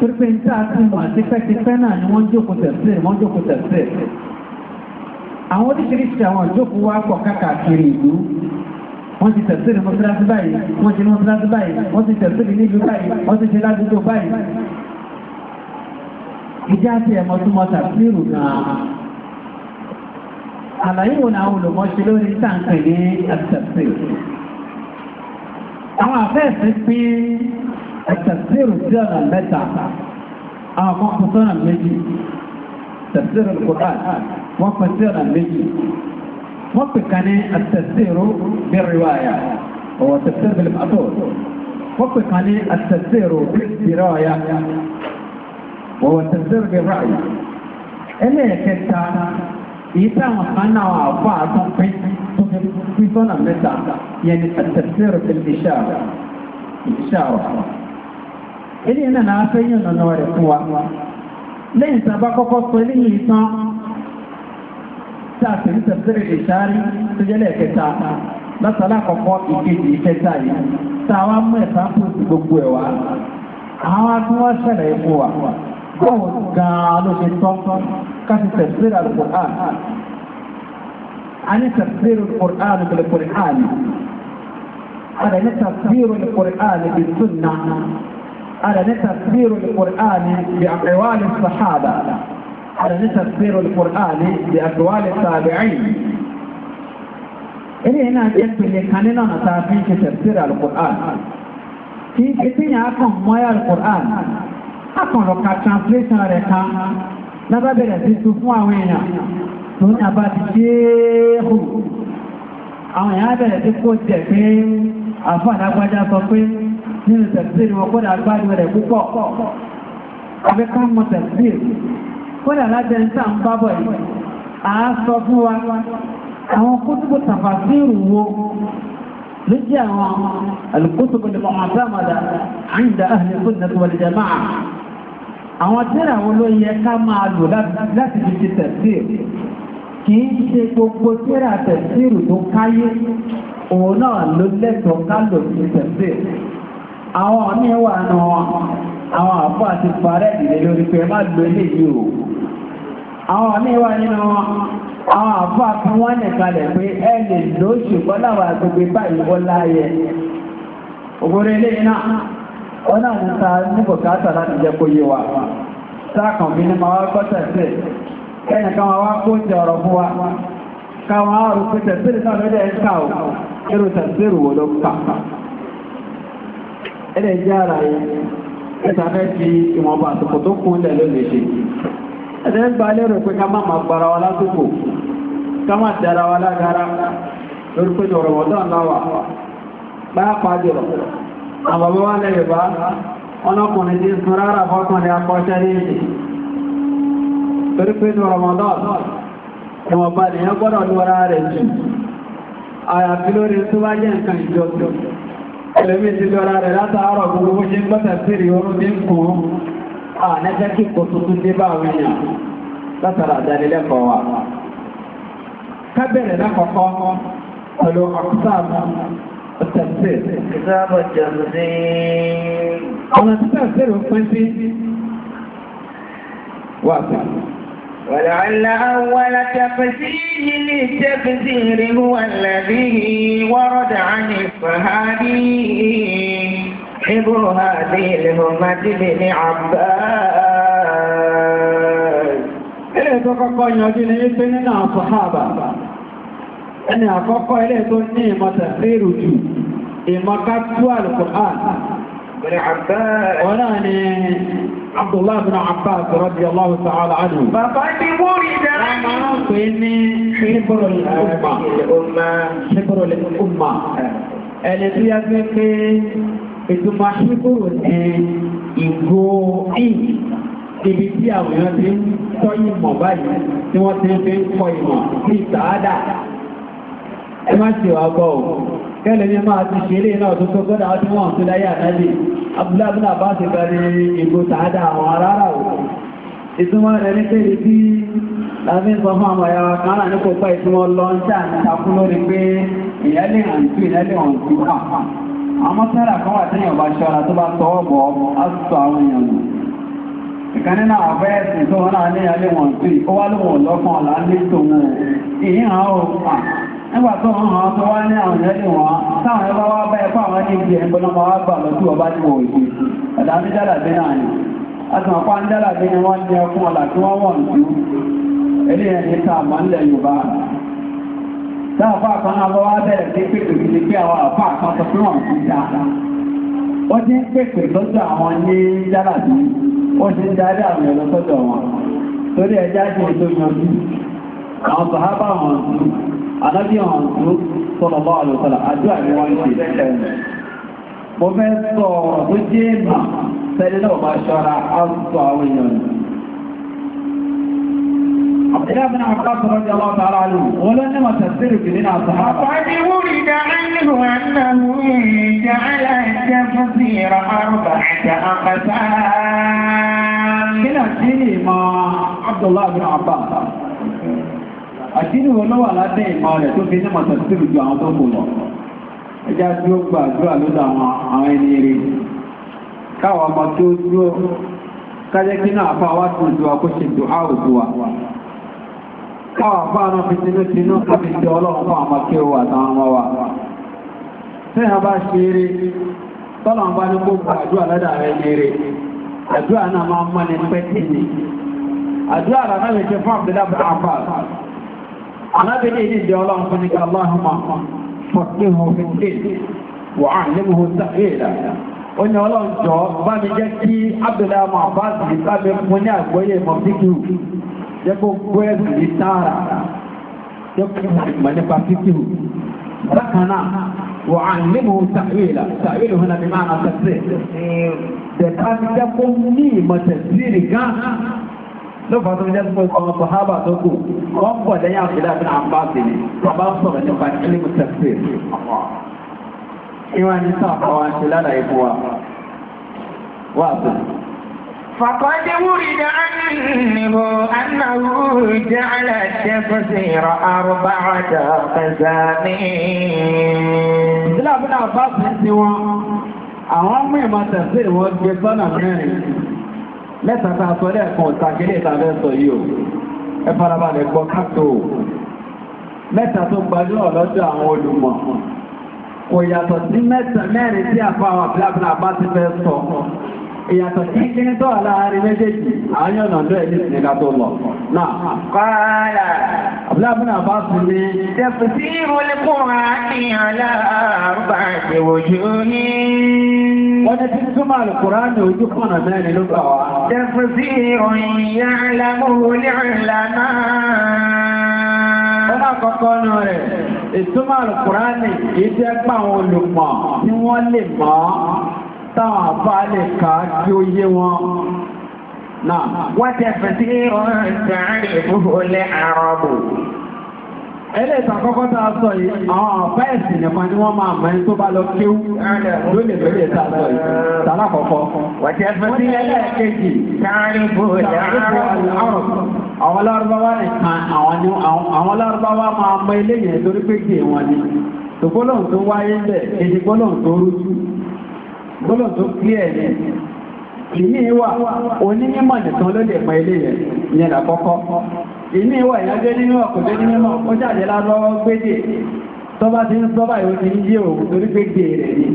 pípẹ́ ní tàà tí mọ̀ àti pẹ́kipẹ́ náà ni wọ́n jókòó tẹ̀sẹ̀ wọ́n jókòó tẹ̀sẹ̀ àwọn oríṣiríṣi àwọn ìjókòó wá pọ̀ káàkiri ìlú wọ́n ti tẹ̀sẹ̀ ní mọ́sílásí báyìí wọ́n ti ní mọ́sílásí báyìí wọ́n ti tẹ̀sẹ̀ ní ìlú báyìí wọ́n ti ṣe ládùúgbò báyìí ìjà àti ẹ̀mọ́ tó mọ tàbíìrù náà àlàyé wo náà olùmọ́ṣe lórí tàǹkì ní àtẹ̀sẹ̀ àwọn àfẹ́ẹ̀sẹ̀ pín التفسير السنة متى أعمق سنة مجي تفسير القرآن وقف سنة مجي وقف كان التفسير بالرواية هو تفسير بالمأثور وقف كان التفسير بالدراية وهو تفسير بالرأي إليه كتا إيتام كان وعفاة في سنة متى يعني التفسير بالإشارة الإشارة ilé iná náà fẹ́ yìn lọ́nà rẹ̀ fún wa lẹ́yìn tí a bá kọ́kọ́ sọ ilé yìí tán sáàtì ní tẹ̀sílẹ̀ ìṣáárí tó jẹ́lẹ̀ kẹta lọ́sọ̀lá kọ̀kọ́ ìkejì ìkẹta yìí tá a wá mú ẹ̀fà fún ti gbogbo ẹ̀ wá àwọn akún wá ṣẹlẹ̀ ikú wa bọ́ọ̀ على تفسير القرآن بأقوال الصحابة على تفسير القرآن بأقوال التابعين إليه هنا جدت لكاننا نتعفيك تفسير القرآن في إتنى أكون مايا القرآن أكون لك ترانسليشن ركا نبابر سيسوفوا وينا سنة بعد شيخ àwọn èèyàn bẹ̀rẹ̀ tí kó jẹ̀ pé nínú tẹ̀síl wọn kódà agbájú rẹ̀ púpọ̀ abẹ́ká mọ tẹ̀síl kódà lájẹńtà ń bábọ̀ yìí a sọ fún wa àwọn kótópó tàfàsírù wo ló jẹ́ àwọn alùkótópó lè mọ àbámadà àyíǹda ahli sunnah wal jamaa àwọn tẹ́rà wọn ló yẹ ká máa lò láti fi ti tẹ̀síl kì í ṣe gbogbo tẹ́rà tẹ̀síl tó káyé òun náà ló lẹ́tọ̀ọ́ ká lò fi tẹ̀síl àwọn ọ̀ní wà nù wọn àwọn àpá àti parẹ́ ìdílé lórí pé má gbé lè yìí o àwọn ọ̀ní wà nínú wọn àwọn àpá fi wọ́n nìkalẹ̀ pé ẹ lè lóṣù kọ́láwà gbogbo báyìí wọ́n láyẹ ògbóró ilé iná ọ̀nà àtúntà níbùkátà láti jẹ́ kó yé wa sáàkàn bí ní ma wá kọ́tẹ̀ sí ẹ̀yìn kan wá kó jẹ ọ̀rọ̀ fún wa káwọn arùn pé tẹ̀sírì náà lóde ẹ̀ká ò kérò ẹ̀rẹ̀ jẹ́ ara yìí ẹ̀ta fẹ́ fi ìwọ̀nba àsìkò tó kún lẹ̀ ló lè ṣe ẹ̀rẹ̀ ń ba lérò pé ká má máa gbara wa lásìkò ká má dára wa lágara lórí pé lọ́rọ̀ wọ́n náà láwà pàápàá jùlọ àwọn bàbá wa lẹ́yìn bá ọlọ́kùnrin ti sun rárá fọ́kùnrin akọ́ṣẹ́ ní ìṣe torí pé lọ́rọ̀ wọ́n náà ìwọ̀nba nìyẹn gbọ́dọ̀ lọ́ra rẹ̀ jù àyàfi lórí tó bá jẹ́ nǹkan ìjọ ẹlẹ́mí ti lọ́ra rẹ̀ látàárọ̀ gbogbo bó ṣe ń gbọ́ta sírí orún ní kún ànẹ́jẹ́ kíkọ́ tuntun dé bá àwọn èèyàn látara àdánilẹ́kọ̀ọ́ wa kábẹ̀rẹ̀ lákọ̀ọ́kọ́ pẹ̀lú ọ̀pùsáàmù ọ̀tẹ̀sẹ̀ ìsáàbọ̀ jẹ̀mùsí ọ̀nà títà sí ولعل أول تفسير للتفسير هو الذي ورد عن الصحابي حبر هذه الأمة بن عباس إليه تقفى يجين يبننا صحابة ẹni أن ní ìmọ̀ tẹ̀síìrù jù ìmọ̀ ká tú àlùkùránì ọ̀nà ni imo tesiiru ju imo القرآن tu عباس ona Abdullah bin Abbas radiyallahu ta'ala anhu. Bàbá ti wórí dára. Wọ́n máa ń pè ní Ṣébùrọ̀lì Umma. Ṣébùrọ̀lì Umma. Ẹni tí a gbé pé ìtumọ̀ ṣíbùrù ní ìgò ìyí ibi tí àwọn èèyàn ti ń tọ́ ìmọ̀ báyìí tí wọ́n ti ń fi ń kọ ìmọ̀ ní ìtàádà. Ẹ má ṣe wá gbọ́ kẹ́lẹ̀ ní máa ti ṣeré náà tó tó gọ́dá ọdún wọn tó láyé àtàlẹ̀ abúlábùlà bá ti bẹ̀rẹ̀ ìgbò tàádà àwọn arára ò ìtumọ̀ rẹ̀ ní pé ibi láti sọ fún àwọn ẹ̀yà kanáà ní kò pẹ́ ìtumọ̀ lọ́ńṣà ní takú lórí pé ìyẹ́lẹ̀ àǹtú ìyẹ́lẹ̀ àǹtú àmọ́ tẹ́rà kan wà tẹ́yàn bá ṣọ́ra tó bá tọwọ́ bọ̀ á sọ àwọn nígbà tó ń hàn tó wá ní àwọn ìrẹ́lẹ̀ wọn táwọn ẹgbẹ́ wá bá ẹ̀kọ́ àwọn ní ìjẹ́ ẹ̀kọ́ náà wá gbà lọ́tí ọba ní òwe ọ̀dà ní jálàbí náà ni àtàwọn pa ń jálàbí ni wọ́n ní ẹkún ọ̀là tí wọ́n wọ̀n tú ẹ̀lẹ́ yẹn ní tààmà ńlẹ̀ Yorùbá táàfà kan náà wá bẹ̀rẹ̀ sí pèpè sí pé àwọn àfà kan sọ pé wọ́n ti dá ó ti ń pèpè lọ́sọ̀ àwọn ní jálàbí ó ti ń darí àwọn ẹ̀lọ́sọ̀dọ̀ wọn torí ẹjá ṣe ètò yanjú àwọn sàhábà wọn Ànábì hàn tó sọ̀rọ̀ bá àlùsọ̀lá, àdúrà ni wọ́n ń ṣe. Mo fẹ́ sọ ọ̀rọ̀ tó jẹ́ mà tẹ́lẹ̀ náà bá ṣọ́ra áùsọ àwọn èèyàn ni. Abdullahi bin Abbas radiyallahu ta'ala anhu wala ni ma tafsir bi nina sahaba àdínú olówà lábẹ́ ìmọ̀ rẹ̀ tó fi nímọ̀ tẹ̀sílù ju àwọn tó kù lọ ẹjá tí ó gbà àdúrà lọ́dọ̀ àwọn ẹni rẹ̀ káwọn ọmọ tó dúró kájẹ́ kí náà fà wá tún ju àkóṣe tó á òkú wa káwọn àfà náà fi tinú tinú láti ṣe ọlọ́run fún àmọ́ kí ó wà táwọn ọmọ wa tí a àdúrà náà máa ń mọ́ni pẹ́ tì ní àdúrà lànà lè ṣe fún àbúdá àbá anábìlẹ̀ ní ìdí ọlọ́run fún ní ká Allahumma faqqihhu fid-din wa 'allimhu ta'wila ó ní ọlọ́run jọ bá mi jẹ́ kí Abdullahi Abbas yìí bá mi fún ní àgbọ́yé mọ̀fíkì jẹ́ kó gbọ́ ẹ̀sìn ní tààrà jẹ́ kó mọ̀ nípa fíkì بكنا وعلمه تأويلا تأويله هنا ló fà tó jẹ́ pé ọmọ sọ̀hábà tó kù wọ́n pọ̀ lẹ́yìn àfìlà bí náà bá sì ní bàbá sọ̀rọ̀ nípa kílímù tẹ̀sí ìwọ̀n ní sáàpá wa ṣe lára ipò wa wà tó. فقد ورد عنه أنه جعل التفسير أربعة مسامين. لا بد أن سوى أهم ما تفسير وجه سنة mẹ́ta ta sọ lẹ́ẹ̀kan ìtàgẹ́lẹ́ ìtàgẹ́ sọ yìí o ẹ farabalẹ̀ gbọ́ káàtó mẹ́ta tó gbajúmọ̀ lọ́dọ̀ àwọn olùmọ̀ kò yàtọ̀ sí mẹ́ta mẹ́rin tí àpá àwọn àbílábìlà bá ti fẹ́ sọ ìyàtọ̀ tí kí ní tọ́ láàrin méjèèjì àwọn ọ̀nà ọ̀dọ́ ẹ̀dí sí nígbà tó lọ. Náà, kọ́lá. Abúlábùnà bá fi ní. Tẹ̀fù sí ìrọlẹ́kùnrin àti àlàárùbá ìwòjú ní. Wọ́n ní títí túnmọ̀ Al-Kùránì ojú kọ̀nà mẹ́rin ló gbà wá. Tẹ̀fù sí rẹ̀. Ìtúmọ̀ Al-Kùránì pàwọn olùmọ̀ tí wọ́n lè mọ̀ táwọn àbá lè kà á kí ó yé wọn náà wọ́n tẹ́ fẹ̀sí ẹlẹ́ta kọ́kọ́ tàà sọ yìí àwọn àbá ẹ̀sìn nìkan ni wọ́n máa mọ̀ ẹni tó bá lọ kéwú ló lè lórí ẹ̀ta sọ yìí tààlà kọ̀kọ́ wọ́n tẹ́ fẹ̀sí ẹlẹ́ẹ̀kejì káàrìbò lẹ́rọ̀ àwọn lárúbáwá nìkan àwọn lárúbáwá máa mọ ilé yẹn torí pé kí wọn ni tògbólóhùn tó wáyé ń bẹ̀ èdè gbólóhùn tó rújú gbọ́nà tó kí ẹ̀ ní ìní ìwà onímọ̀ nìkan ló lè mọ̀ ilé yẹn yẹn lákọ́kọ́ ìní ìwà ìyájẹ́ nínú ọkùnjẹ́ nínú ó jáde lárọ́wọ́ gbédè tọ́bá ti ń sọ́bà ìwé ti ń yé òun torí gbédè rẹ̀ ni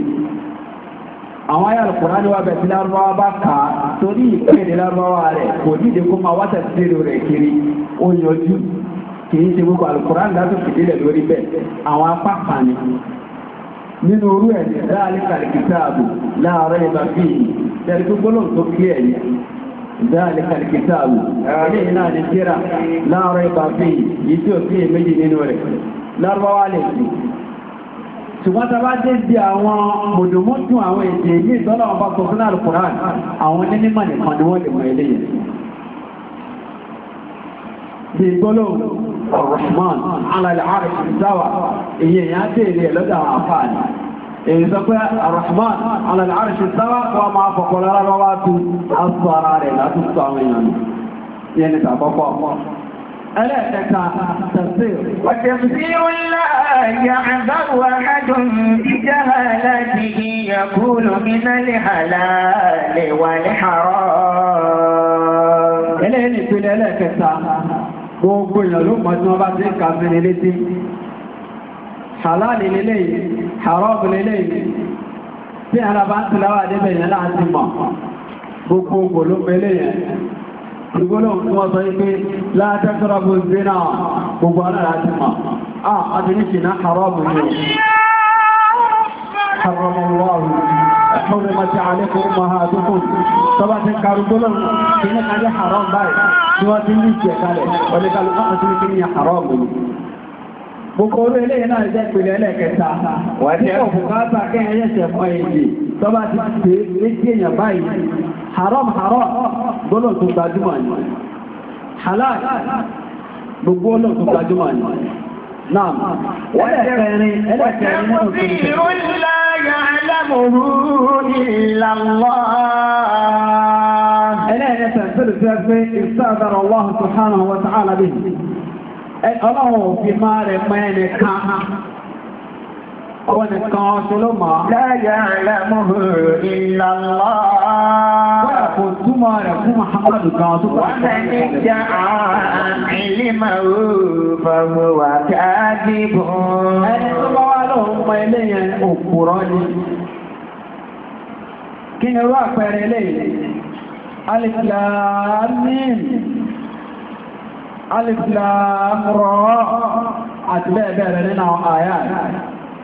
àwọn ayé alùpùpù ní wa bẹ̀sí lárúbáwá bá kà á torí ìpínlẹ̀ lárúbáwá rẹ̀ kò dídé kó máa wáṣẹ̀ sí lérò rẹ̀ kiri ó yanjú kì í ṣe gbogbo alùpùpù ní láti fìdílẹ̀ lórí bẹ́ẹ̀ àwọn apá kan ni nínú orú ẹ̀rí dáàlìkàlìkìtààbù láàárọ̀ ìbá bí i tẹ́lẹ̀ tó gbọ́lọ̀ tó kí ẹ̀yẹ dáàlìkàlìkìtààbù ilé iná ní tíra láàárọ̀ ìbá bí i yìí tí ó sí èméjì nínú rẹ̀ lárọ́wá lè sí ṣùgbọ́n tàbá dé bí àwọn mọ̀dùmọ́dùn àwọn الرحمن على العرش استوى هي إيه ياتي لي لدى عفاني إن إيه الرحمن على العرش استوى وما فقل ربوات الصرار لا تستعملون يعني تعبقوا ألا تكا تفسير وتفسير الله يعذر أحد بجهالته يقول من الحلال والحرام إليه نقول ألا gbogbo èèyàn ló mọ̀ tí wọ́n bá ti ń kàfin ilé tí halal ilé haram ilé tí ara bá ń tìláwà débẹ̀ yẹn láti mọ̀ gbogbo gbòló mẹ́lẹ̀ yẹn ìgbóló tí wọ́n sọ pé látẹ́sọ́rọ̀ zina gbogbo ara láti mọ̀ ah adìríkì náà haram ilé haram Allah حرمت عليكم امهاتكم tọ́bá ti karùgbọ́lọ̀ kí ní kàrí haram báyìí tí wọ́n ti ní ìjẹ̀ kalẹ̀ wọlé kalùkọ́ àti ní kí ní haram bù gbogbo orí ilé náà jẹ́ ìpìlẹ̀ ẹlẹ́kẹta wà ní ọ̀pùpátà kí ẹyẹ ṣẹ̀fọ́ èyí tọ́bá ti pè méjì èèyàn haram haram gbọ́lọ̀ tó gbajúmọ̀ halal gbogbo ọlọ́ tó Náà, wọ́n lẹ̀ fẹ́rin, ẹlẹ́fẹ́rin nínú ìpínlẹ̀. Wọ́n tẹ́ fún ìrún láyà alámòrú ìlàlọ́ Àwọn nìkan ṣe ló máa. Láyé àlẹ́mùhù ìlàlá. Wọ́n kò túmọ̀ rẹ̀ fún Muhammadu kan tó wà. Wọ́n ní jẹ́ àwọn ìlímọ̀wò fọwọ́ wà káàdìbò. Ẹni tó bá Kí ni irú àpẹẹrẹ eléyìí? Alìsìláàmìn, Alìsìláàmùrọ̀ àti bẹ́ẹ̀ bẹ́ẹ̀ nínú àyà.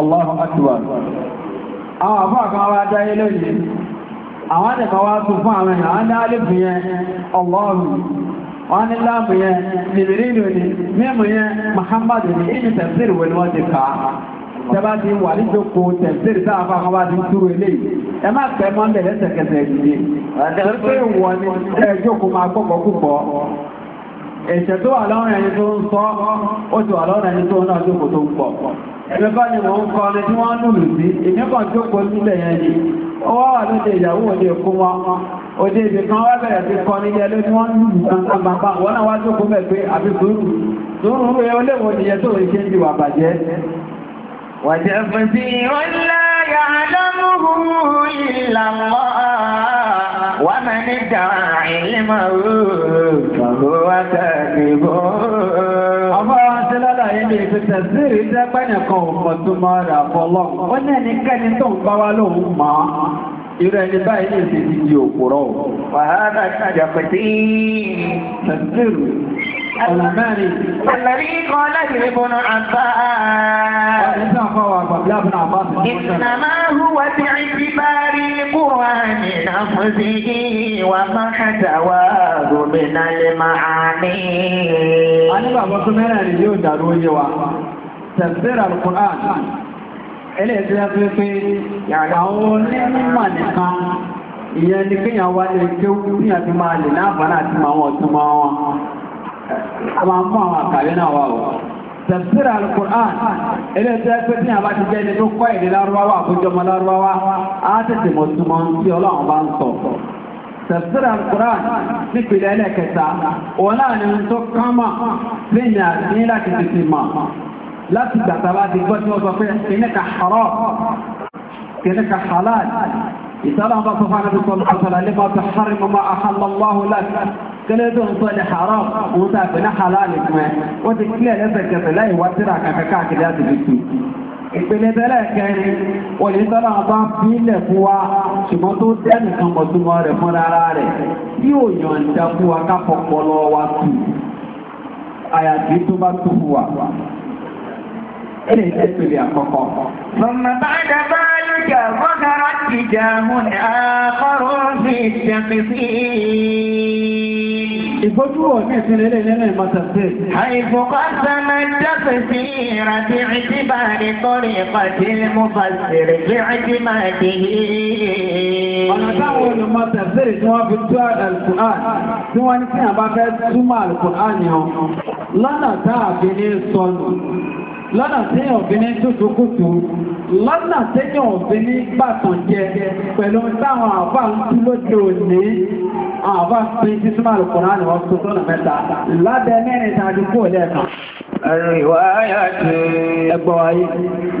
Allahu akbar. Àwọn àfáà kan wá dáyé lónìí, àwọn àdẹ̀kọ́ wá tún fún àwọn èèyàn, àwọn dáálìfù yẹn, Allahu, wọ́n ní láàmù yẹn, Jibrilu ni, mímù yẹn, Muhammadu ni, inú tafsiri wọ́n wọ́n ti ká. Tẹ́bá ti wà ní jókòó tafsiri sáàfà kan wá ẹni tó ń sọ ó ti wà lọ́rùn ẹni tó náà jókòó tó ń pọ̀ ẹ̀mẹ́ bá ní wọ́n ń kọ́ ní tí wọ́n lùlù sí ìmẹ́kàn tí ó kò sílẹ̀ yẹn ni ó wá wà lóde ìyàwó òde èkó wọn òde ìbì kan wá bẹ̀rẹ̀ sí kọ́ ní ẹlé tí wọ́n lùlù kankan bàbá wọ́n náà wá jókòó mẹ́ pé àbí sùúrù mi ìfẹ́sẹ̀ sírí dẹ́gbẹ́nìkan ọ̀pọ̀túnmọ́ rẹ̀ àfọlọ́ ó ní ẹnikẹ́ni tó ń bá wá lóhun mọ́ irú ẹni báyìí ní ìsìn ti òpùrọ̀ wàhálà ṣàjàpẹ̀tì tẹ̀síìrù ọ̀nà mẹ́rin. Ẹ̀lẹ́rí kan lẹ́yìn ìbùnú àbá. Ẹ̀sán fọ́ wa gbàgbé àbúrò àbá. Ìsìnàmá huwa ti rí bí bá rí kúrò ní àfúnṣe ìwà máa kàtà wá gómìnà lè máa ní. A ní bàbá pé pé àwọn nìkan ìyẹn ni kéèyàn wá lè kéwú ní àti máa lè láǹfààní àti máa wọ̀n tún máa wọn a máa mú àwọn àkàwé náà wá o tafsir al-Qur'an ilé tẹ́ pé ní àbá ti jẹ́ ẹni tó kọ́ èdè lárúbáwá àkójọmọ lárúbáwá á tètè mọ̀ túmọ̀ tí ọlọ́run bá ń sọ tafsir al-Qur'an nípìnlẹ̀ ẹlẹ́kẹta òun náà ni tó kán mọ̀ lẹ́yìn àti láti tètè mọ̀ láti gbàtà bá ti gbọ́ tí wọ́n sọ pé kìnnìkà haram kìnnìkà halal ìtàlá bá sọ fún àdúgbò àtàlà lè máa tẹ̀ kílẹ̀ tó ń sọ ní haram òun tàà pẹ̀lú halal ìpín wọ́n ti kílẹ̀ lẹ́sẹ̀kẹsẹ̀ láì wá tíra kankan káàkiri àti bìtì ìpele bẹ́rẹ̀ kẹrin wọ̀lé sọ́lá bá fílẹ̀ fún wa ṣùgbọ́n tó dẹ́nìkan mọ̀túnmọ́ rẹ̀ fún rárá rẹ̀ tí ò yọ̀ǹda fún wa káfọpọlọ wa tù àyàtí tó bá tó fún wa ẹ̀rẹ̀ jẹ́ ìpele àkọ́kọ́ Mọ̀mọ̀ bá dábá lójà ní àkọ́rọ̀ sí i ìfojúwò ní ìsinlẹ̀ lẹ́nà ìmọ̀tàṣẹ́. àìfòkọ́sánà jáfẹ́ sí ìràbí ìtìbà ní kọ́rì ìpàdé mú fàṣẹ̀rẹ̀ bí ìtìbà dé yìí. ọ̀nà táwọn olùmọ̀tàṣẹ́ tí fẹ́ túmọ̀ àlùkùrán yẹn lọ́nà lọ́nà tẹ́yàn obìnrin dúdúkútù lọ́nà tẹ́yàn obìnrin bàtàn jẹ pẹ̀lú táwọn àbá ń tú lóde òní àbá pín tí súnmọ́ àlùkùnrin àníwọ̀ tó tọ́nà mẹ́ta lábẹ́ mẹ́rin tàbí kò lẹ́ẹ̀kan Ẹgbọ́n ayé,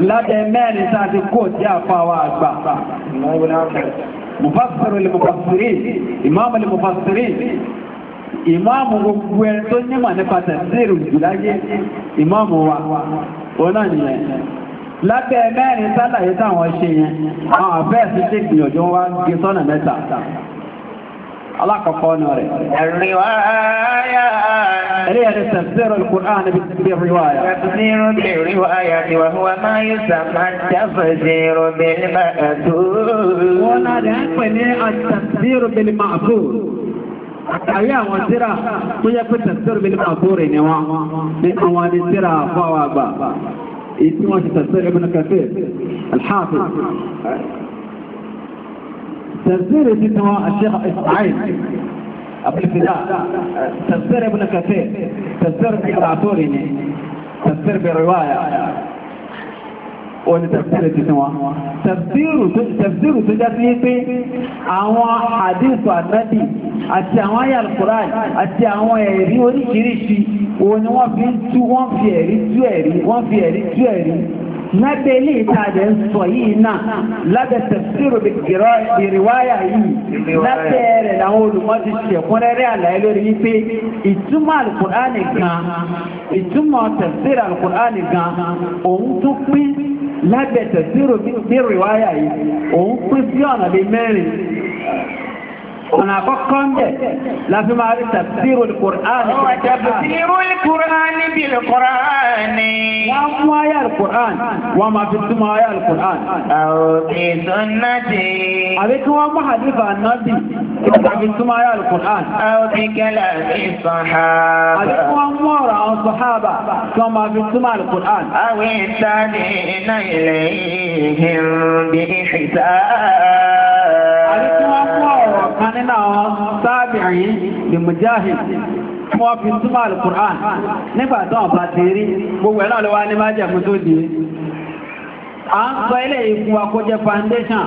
lábẹ́ mẹ́rin tàbí kò jẹ́ àfáwà àgbà. Mùfàfẹ́rò lè mùfàfẹ́rì, ìmáàmù gbogbo ẹ tó nímọ̀ nípa tẹ̀síìrù jùláyé, ìmáàmù wa ọ̀nà yẹn lábẹ́ mẹ́rin sálàyé táwọn ṣe yẹn àwọn àbẹ́ẹ̀ sí ṣe gbìyànjú wá gé sọ́nà mẹ́ta alákọ̀ọ́kọ́ ọ̀nà rẹ̀ ẹ̀rìwáyà ẹ̀rẹ́ ẹ̀rẹ́ tẹ̀sẹ̀rọ̀ ìkùránì bí ríwáyà tẹ̀sẹ̀rọ̀ bí ríwáyà ni wà wà máa yóò sàmà tẹ̀sẹ̀rọ̀ bí ríwáyà tó wọ́n náà rẹ̀ ń pè ní àtẹ̀sẹ̀rọ̀ bí ríwáyà àtàrí àwọn tíra tó yẹ pé tẹ̀sítọ́rù mi ní àbúrò ni wọ́n ní àwọn ní tíra fáwọn àgbà èyí wọ́n ti tẹ̀sítọ́rù Ibn Kathir al-Hafiz tẹ̀sítọ́rù ti tẹ̀wọ́n Sheikh Ismail abdulfida tẹ̀sítọ́rù Ibn Kathir tẹ̀sítọ́rù mi ní àbúrò ni tẹ̀sítọ́rù bi riwaya wọ́n ni tafsir ti tí wọn tafsir tó já sí pé àwọn hadith ànábì àti àwọn ayé al-Qur'an àti àwọn ẹ̀rí oríṣiríṣi wọ́n ni wọ́n fi tú wọ́n fi ẹ̀rí tú ẹ̀rí wọ́n fi ẹ̀rí tú ẹ̀rí lábẹ́ ilé ìtajà ń sọ yìí náà lábẹ́ tafsir ìrìwáyà yìí lábẹ́ rẹ̀ làwọn olùmọ̀ ti ṣẹ̀kúnrẹ́rẹ́ àlàyé lórí wípé ìtumọ̀ al-Qur'an nìkan ìtumọ̀ tafsir al-Qur'an nìkan òun tún pín lábẹ́ tẹ̀síro ní rìwáyà yìí òun pín sí ọ̀nà bíi mẹ́rin ọ̀nà àkọ́kọ́ ń bẹ̀ láti máa rí tẹ̀síro ní kùránì ọ̀wọ̀ tẹ̀síro ní kùránì wọ́n mú ayá lè wọ́n máa fi túmọ̀ ayá lè àbí kí wọ́n máa hadifa náàbì àbí túnmọ̀ ayá al-Qur'an àbí kẹ́lẹ̀ àbí sọ̀hábà àbí kí wọ́n mú ọ̀rọ̀ àwọn sọ̀hábà tí wọ́n máa fi túnmọ̀ al-Qur'an àbí kí wọ́n mú ọ̀rọ̀ kan nínú àwọn sábìrin bí mujahid wọ́n fi túnmọ̀ al-Qur'an nígbà tó ọ̀bà ti rí gbogbo ẹ̀ náà ló wá ní tó di à ń sọ ilé ìfún wa foundation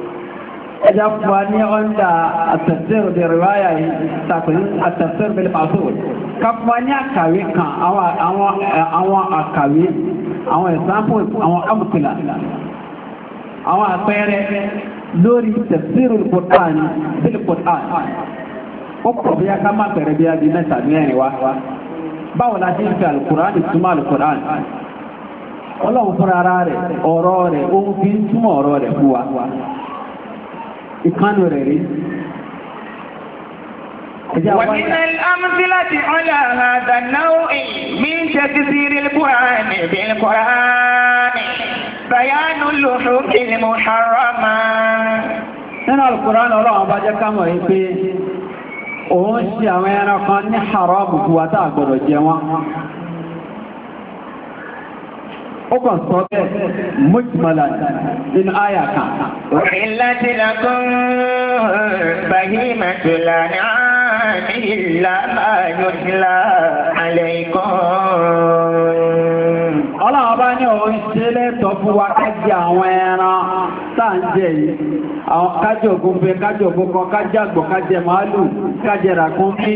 ẹjá fún wa ní ọ́ndà àtẹ̀sẹ̀rù bí rìwáyà yìí tàkùnrin àtẹ̀sẹ̀rù bí lẹ́fàṣọ́ ká fún wa ní àkàwé kan àwọn àkàwé àwọn examples àwọn amùkìlà àwọn àpẹẹrẹ lórí tẹ̀sẹ̀rù Qur'an bí Qur'an ó pọ̀ bí a ká má bẹ̀rẹ̀ bí a di mẹ́ta mẹ́rin wá báwo la ṣe ń fi alukur'an túmọ̀ alukur'an ọlọ́run fúnra rẹ̀ ọ̀rọ̀ rẹ̀ ó ń fi túmọ̀ ọ̀rọ̀ rẹ̀ fún wa ìkánu rẹ̀ rí. ومن الأمثلة على هذا النوع من تفسير القرآن بالقرآن بيان اللحوم المحرمة nínú alkùránì ọlọ́run bá jẹ́ kámọ̀ yí pé òun ṣe àwọn ẹran ní haram kúwátà àgbọ̀dọ̀ jẹ wọn ó kàn sọ bẹ́ẹ̀ mọ́jìmọ́lá nínú àyà kan. òṣìláti lakún bahimatu lan'ami ní òun ṣe lẹ́tọ̀ọ́ fún wa kájí àwọn ẹran táà ń jẹ yìí àwọn kájọ ògùn bẹ kájọ ògùn kan kájọ àgbọ̀ kájẹ màálù kájẹ ràkúnmí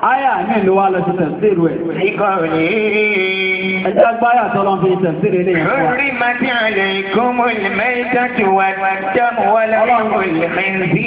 Aya ní ìlú wa lọ sí tẹ̀síru ẹ̀. Ìkọ̀rí. Ẹjá gbáyà tọ́lọ́ fi tẹ̀síru ilé ìfọ́. Orí máa ti àlè ìkómọ̀lì mẹ́ta ti wà dámúwọ́lá ìkọ̀lì mẹ́rin sí.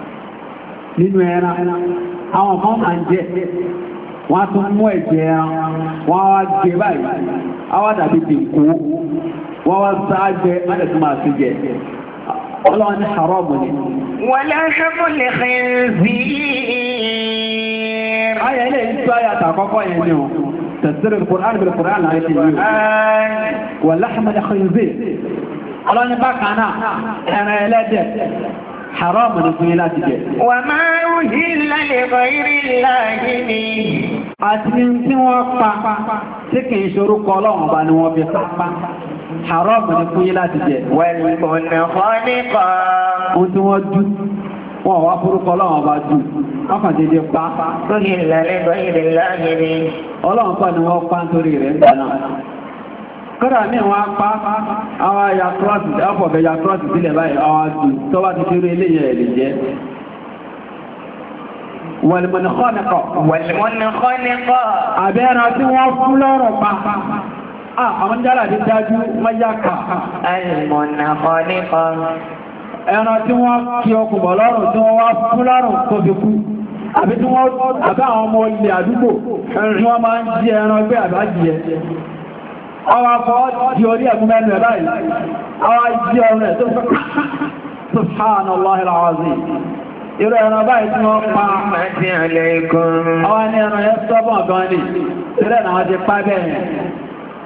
nínú ẹran àwọn kan máa ń jẹ wọ́n tún mú ẹ̀jẹ̀ ẹran wọ́n wá jẹ báyìí àwọn dàbí dìkú wọ́n wá sáájẹ mọ́tẹ̀tún máa fi jẹ ọlọ́wọ́n ní haramu ni. wọ́n lọ́sọ́kù lè fi rí i. ayé ilé ìtura yàtọ̀ haram ni fún yín láti jẹ. Wà máa ń hí lálẹ́bọ̀ irí láàyè ni. Àti tí wọ́n pa tí kìí ṣorúkọ ọlọ́run bá ni wọ́n fi pápá. Haram ni fún yín láti jẹ. Wẹ̀lì kò nà kọ́ nípa. Ohun tí wọ́n dú wọn wá forúkọ ọlọ́run ọba jù wọn kàn dédé pa. Lórí ìlàlẹ́bọ̀ irí láàyè ni. Ọlọ́run pa ni wọ́n pa nítorí rẹ̀ ń gbà náà kọ́dà ní àwọn apá àwọn yàtúrọ̀sì afọ̀bẹ̀ yàtúrọ̀sì sílẹ̀ báyìí àwọn àti tọ́wà ti kéré eléyìn ẹ̀lẹ̀ jẹ́ wọ̀lùmọ̀nìkọ́nìkọ̀ wọ̀lùmọ̀nìkọ́nìkọ̀ àbẹ́ran tí wọ́n fún lọ́rọ̀ pa àwọn jára ti dájú mẹ́yàkà ẹ̀lùmọ̀nìkọ́nìkọ̀ ẹran tí wọ́n kí ọkùnbọ̀ lọ́rùn tí wọ́n wá fún lọ́rùn àwọn afọ́ di orí ẹ̀kún mẹ́rin rẹ̀ báyìí àwọn ìjí ọ̀rọ̀ ẹ̀ tó fẹ́ subhanallahi alazim irú ẹran báyìí tí wọ́n pa àwọn ẹni ẹran ẹ̀ sọ́bọ̀n gan ni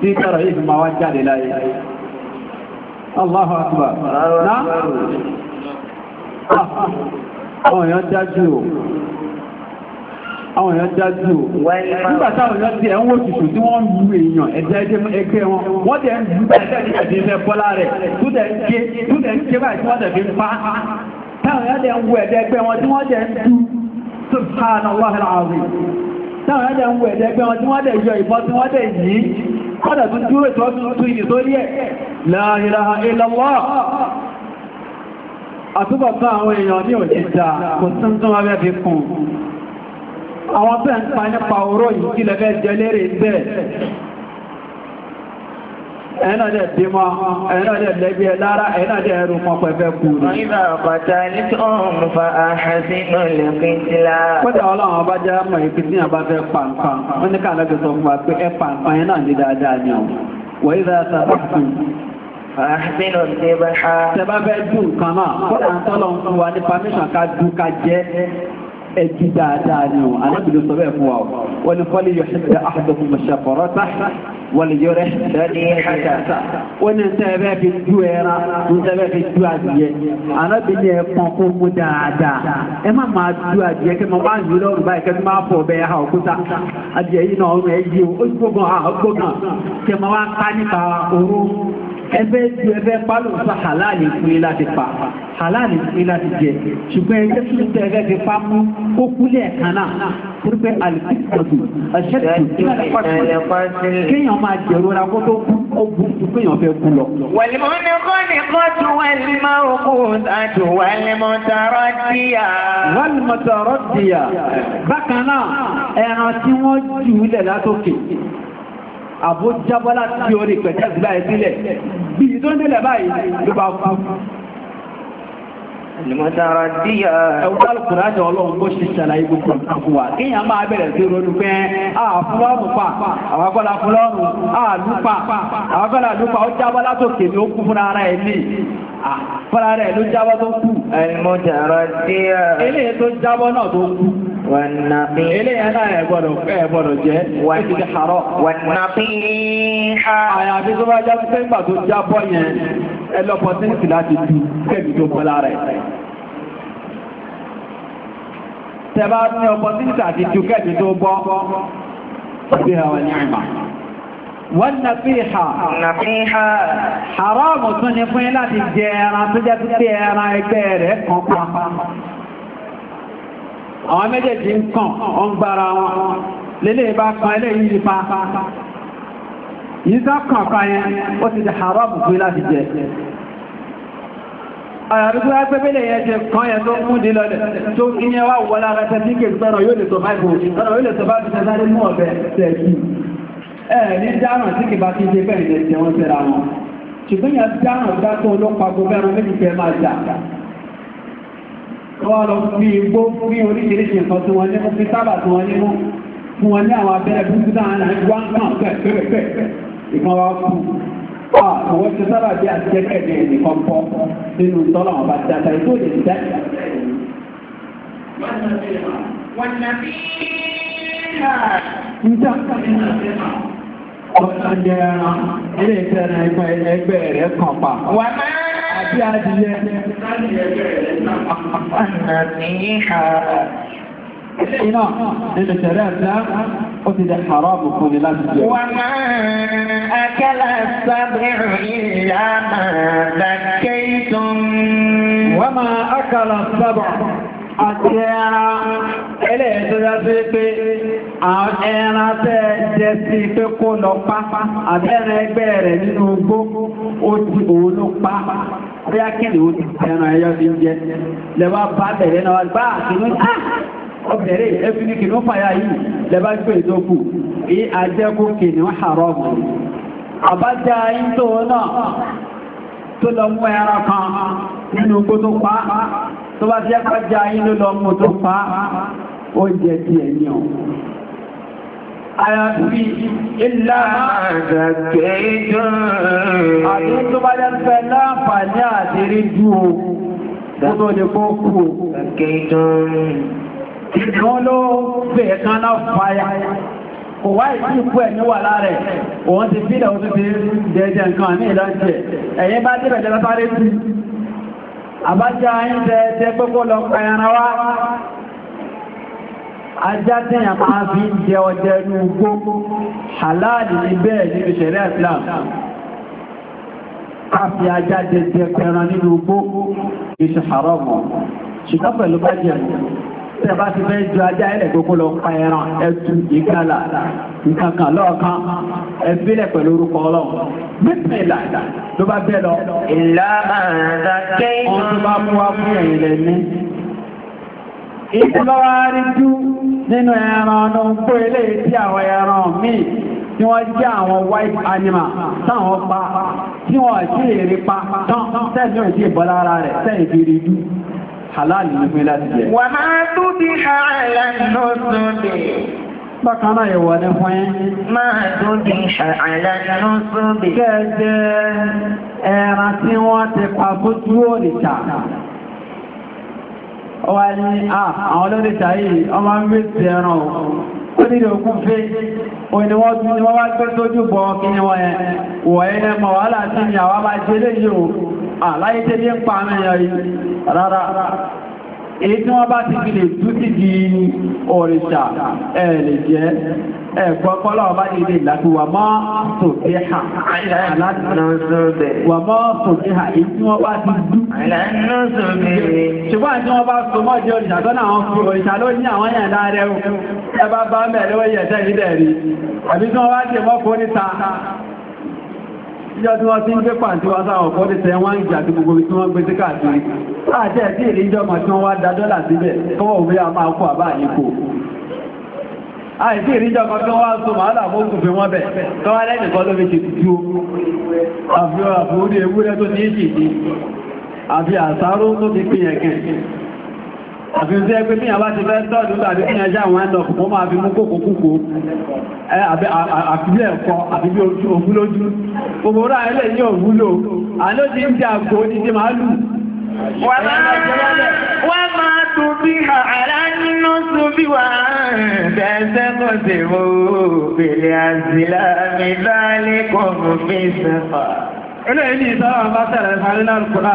tí tọ́rọ yìí fi máa wá jáde láyé Allahu Akbar náà ah, àwọn èèyàn dájú o àwọn èèyàn dájú o nígbàtà àwọn èèyàn tí ẹ ń wó tìtù tí wọ́n ń lu èèyàn ẹgbẹ́ ẹgbẹ́ wọn wọ́n tẹ̀ ń du subhanallah táwọn ẹ̀dẹ̀ ń wẹ̀ ẹ̀dẹ́gbẹ́ wọn tí wọ́n dẹ̀ yọ ìbọn tí wọ́n dẹ̀ yìí kọ́dà tún dúró ìtọ́sùn tún ìdí sórí ẹ̀ la ilaha àtúbọ̀tán àwọn èèyàn ní òjìdá kò tún tún wọ́n fẹ́ kùn àwọn bẹ́ẹ̀ ń pa nípa oró yìí kí lẹ́fẹ́ jẹ lérè bẹ́ẹ̀ ẹ̀nà dẹ̀ bímọ ẹ̀nà dẹ̀ lẹ́bí ẹ lára ẹ̀nà dẹ̀ ẹrù mọ́ pẹ̀fẹ́ kúrò. ìgbà ọ̀pọ̀ta ní tó ń fa àhàsínú lẹ́kìtìlá. kódà ọlọ́run ọba jẹ́ mọ̀ ìpínlẹ̀ bá fẹ́ pàǹpàǹ wọ́n ní káàlọ́gbẹ̀ sọ fún wa pé ẹ pàǹpàǹ yẹn náà ní dáadáa ni ọ̀ wọ́n ìgbà sàbàkùn Àṣínú ti bá ṣá. Tẹ bá fẹ́ dùn kan náà, kó ẹ̀kí dáadáa ni o alábìlú sọ bẹ́ẹ̀ fún wa o wọ́n ní fọ́lì yóò ṣẹ̀dá àdókù mọ̀ṣàkọ̀rọ̀ tá wọ́n yóò rẹ̀ ṣẹ̀dá wọ́n ní sẹ́ẹ̀ bẹ́ẹ̀ fi ju ẹran ní sẹ́ẹ̀ bẹ́ẹ̀ fi ju adìyẹ alábìlú ẹ̀ pọ̀n kó mú dáadáa ẹbẹ́ ju ẹbẹ́ pálò sa halali fún yín láti pa halali fún yín láti jẹ ṣùgbọ́n ẹjẹ́ tó tẹ ẹbẹ́ fi pa mú kó kúlẹ̀ kan náà torí pé alikọ́tù ẹ̀ṣẹ́ kéèyàn máa jẹ̀rora kó tó kú ó bu kéèyàn fẹ́ kú lọ. wàlímọ̀ ní kọ́ ní kọ́tù wàlímọ̀ òkú tí wọ́n jù lẹ̀ látòkè àbójábọ́ láti orí pẹ̀tẹ́ ìgbà ìbílẹ̀ bí i tó ń délẹ̀ báyìí ló bá kú. Ìmọ̀tara díyà. Ẹ̀wọ́n alùpùpù àjọ ọlọ́run bó ṣe ṣàlàyé gbogbo nǹkan fún wa. Kéèyàn máa bẹ̀rẹ̀ sí ronú pé àfúlọ́ọ̀mù pa, àwákọ́lá fúlọ́ọ̀mù, àlùpà, àwákọ́lá àlùpà ó jábọ́ látòkè ní ó kú ara ẹ̀ ní. Fúnra rẹ̀ ló jábọ́ tó kú. Ìmọ̀tara díyà. Eléyìí tó jábọ́ náà tó kú. والنقيح إليه أنا أبدو أبدو جه وإذا حرام والنقيح أيا بيزوا جاب سيمبا تجاب بني إلا بسنت لا تجيب كم تقول عليه tẹ́bá ní ọpọtíntà àti jùkẹ́ẹ̀tì tó gbọ́ bí i àwọn ìrìnmà wọ́n na fi ha haramu tún ní fún yí láti ẹran tó jẹ́ tó pé ẹran ẹgbẹ́ rẹ̀ kan pa àwọn méjèèjì ń kàn ọ ń gbára wọn lélẹ̀ bá kan eléyìí ní pápá yìí sá kàn kan yẹn ó ti di haram fún láti jẹ àyàrúgbó agbẹ́bẹ́lẹ̀ yẹn jẹ kan yẹn tó mú di lọlẹ̀ tó iye wá wọlá rẹ̀ tẹ́tí kèsì tọ́rọ yóò lè tó bá ìbò tọ́rọ yóò lè tó bá bí tẹ́sáré mú ọ̀bẹ̀ tẹ̀kì ẹ̀ ní dáràn tí kìbá ti ṣe bẹ́ẹ̀ jẹ́ wọ́n tẹ́ra wọn ṣùgbọ́n yẹn dáràn dá tó ló pagbo bẹ́ẹ̀rún méjì fẹ́ máa jà wọ́n lọ bí igbó bí oríṣiríṣi nǹkan tí wọ́n ní mú fi sábà tí wọ́n ní mú fún wọn ní àwọn abẹ́rẹ́ wọ́n kàn pẹ̀pẹ̀pẹ̀ ìkan wá kú àwọn ọ̀sánjẹ ẹran ilé ìtẹ́nà ẹgbẹ́ rẹ̀ kàn pa. Wà máa àbí adìyẹ. Iná nínú tẹ̀rẹ́ ẹ̀sá ó ti dẹ̀ haramu fún ni láti jẹ. Wà máa akẹ́lá sábẹ̀rù ìyá máa dàkẹ́ ìtùn. Wà máa akẹ́lá sábẹ̀rù àti ẹran ẹlẹ́yìn tó yá sí pé ẹran tẹ́ jẹ sí pé kó lọ pápá àbẹ́rẹ̀ ẹgbẹ́ rẹ̀ nínú ogbó ó ti òun ló pa bí akẹ́lẹ̀ ó ti ẹran ẹyọ́ ti jẹ lẹ́wà bá bẹ̀rẹ̀ náà bá àtìmú ọbẹ̀rẹ̀ ẹfìní kì ló ah! fàyà yìí lẹ́bá gbé ìdókù e èyí àjẹ́kù kì ní haram àbájá yìí náà tó lọ mú ẹran kan nínú ogbó tó pa tó bá ti yẹ́pá já yín ló lọ mú tó fa ó jẹ́ ti ẹ̀mí ọ̀ Àyàfi ilá àdàkẹ́ ìjọ́ àti tó bá yẹ́pẹ́ láàpàá àti rí jú o, ó tó lè kó kú o. Àkẹ́ ìjọ́ ìrìn ló bẹ̀ẹ̀ kan fàyà kò wá ìsí ìpú ẹ̀mí wà láàrẹ̀ òun ti fílẹ̀ òun ti fi dẹ̀ẹ́jẹ̀ nǹkan ní ìlànjẹ̀ ẹ̀yẹ bá dẹ̀bẹ̀ àbájá ẹ̀ńtẹ́ tẹ́ pẹ́kọ́ lọ pẹ̀yànra wá ajá tẹ́yàn máa fi ń jẹ ọjẹ́ inú gbogbo aláàdì ní bẹ́ẹ̀ nínú ṣẹ̀rẹ́ Islam káfí ajá jẹ jẹ pẹ̀ran nínú gbogbo ìṣẹ̀ àrọ́mọ̀ ṣùgbọ́n pẹ̀lú bá tẹ́ bá ti fẹ́ ju ajá ẹ̀rẹ̀ gbogbo lọ pa ẹran ẹtu ìkàlà ìkàkàn lọ́ọ̀kan ẹbílẹ̀ pẹ̀lú orúkọ ọlọ́run bípẹ̀ ìlàdà ló bá bẹ́ẹ̀ lọ. ìlà àdá kéèyàn. wọ́n tún bá mú wá fún ẹ̀yìn rẹ̀ ní. ìgbọ́wá rí jú nínú ẹran ọ̀nà gbó ilé tí àwọn ẹran míì tí wọ́n jẹ́ àwọn white animal táwọn pa tí wọ́n sì rí pa tán tẹ́lẹ̀ ìdí ìbọ̀lára rẹ̀ tẹ́lẹ̀ ìdí rí jú halal ní fún láti jẹ. wà máa tó bí ààlà náà tó lè. bákan náà ìwọ̀ ní fún yín. máa tó bí ààlà náà tó lè. kẹ́ẹ̀jẹ́ ẹran tí wọ́n ti pa fójú ọwá ní àwọn olóòdìta yìí ọmọ ń gbé ti ẹran ó ní òkú fẹ́ òní wọ́n tún ní wọ́n wá gbé tójú bọ́ kí ni wọ́n yẹn wọ̀ yẹn ní ọmọ wàhálà sí ni àwọn bá jẹ́ lè yìí ò àláyé tẹ́lé ń pa àmì ẹ̀yọ yìí rárá èyí tí wọ́n bá ti fi lè tú sí di òrìṣà ẹ̀ lè jẹ́ ẹ̀gbọ́n kọ́lọ̀ ọba ní ilé ìlàkú wà mọ́ sòfíhà wà mọ́ sòfíhà èyí tí wọ́n bá ti dú ṣùgbọ́n tí wọ́n bá so mọ́ di òrìṣà tó náà fi òrìṣà ló ní àwọn èèyàn láàrẹ ẹbá bá mẹ́rẹ́ wọ́n yẹ̀ ìjọ tí wọ́n ti ń gbé pàǹtí wá sáwọn ọ̀pọ̀ tẹ́ wọ́n ń jà tí gbogbo tí wọ́n gbé sí káàkiri láàjẹ́ sí èrè ìjọ mọ̀ tí wọ́n wá da dọ́là síbẹ̀ kọ́wọ́ òbí a máa kó àbá àyíkò àìsí ìrìnjọ kan tí wọ́n so màálà fún òkùnfẹ́ wọn bẹ̀ tó wá lẹ́nìkan ló fi ṣe tí ó àfihàn àfihàn orí ewúrẹ́ tó ní ìṣìdí àfi àsáró tó ti pín àfihàn ẹgbẹ́ tí yàn bá ti fẹ́ tọ́ọ̀dù tàbí kí yàn já àwọn ẹ̀tọ̀ kò máa fi mú kòkò kúkò àfibí ẹ̀kọ́ àfibí òfúlójú gbogbo rà ẹlẹ́ ní òwúlò àló ti ń jà kò ní ti máa bá lè kọ́ mú fi sẹ́fà eléyìí ní ìsára bá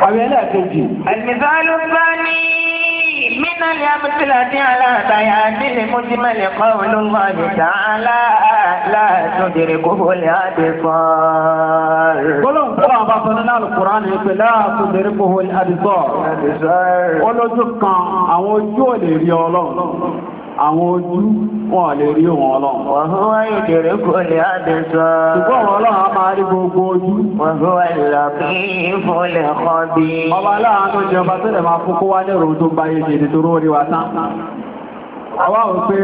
àwọn ẹlẹ́ẹ̀kejì. àlùmísàlù bá ní mínà ní abẹ́sílẹ̀ àti aláàtàyà àti lèmọ́jímẹ́lẹ̀ kọ́ olóńgbò àjẹsà aláàtúndìrí kókó lè àdé sọ́ọ̀rù. gbọ́dọ̀ nǹkan àwọn afọ nínú alùpùpù ní pé lè àdé sọ́ọ̀rù. olójú àwọn ojú wọn lè rí wọn ọlọ́run. Wọ́n fún wá ìdèrè kò lè àdé sọ. Ṣùgbọ́n wọn ọlọ́run a máa rí gbogbo ojú. Wọ́n fún wá ìlàbí ìfúnlẹ̀ kan bí. Ọba láàánú jẹ ọba tó lè máa wa tán. Àwa ò pé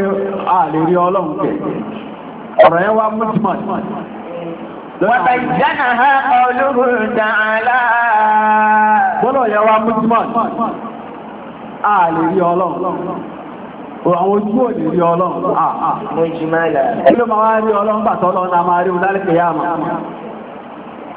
a lè rí ọlọ́run àwọn ojú ò lè rí ọlọ́run. Ah, ah. mo jì máa là. kí ló máa wá rí ọlọ́run bàtọ́ ọlọ́run náà máa rí òun lálẹ́ kẹ̀yà máa.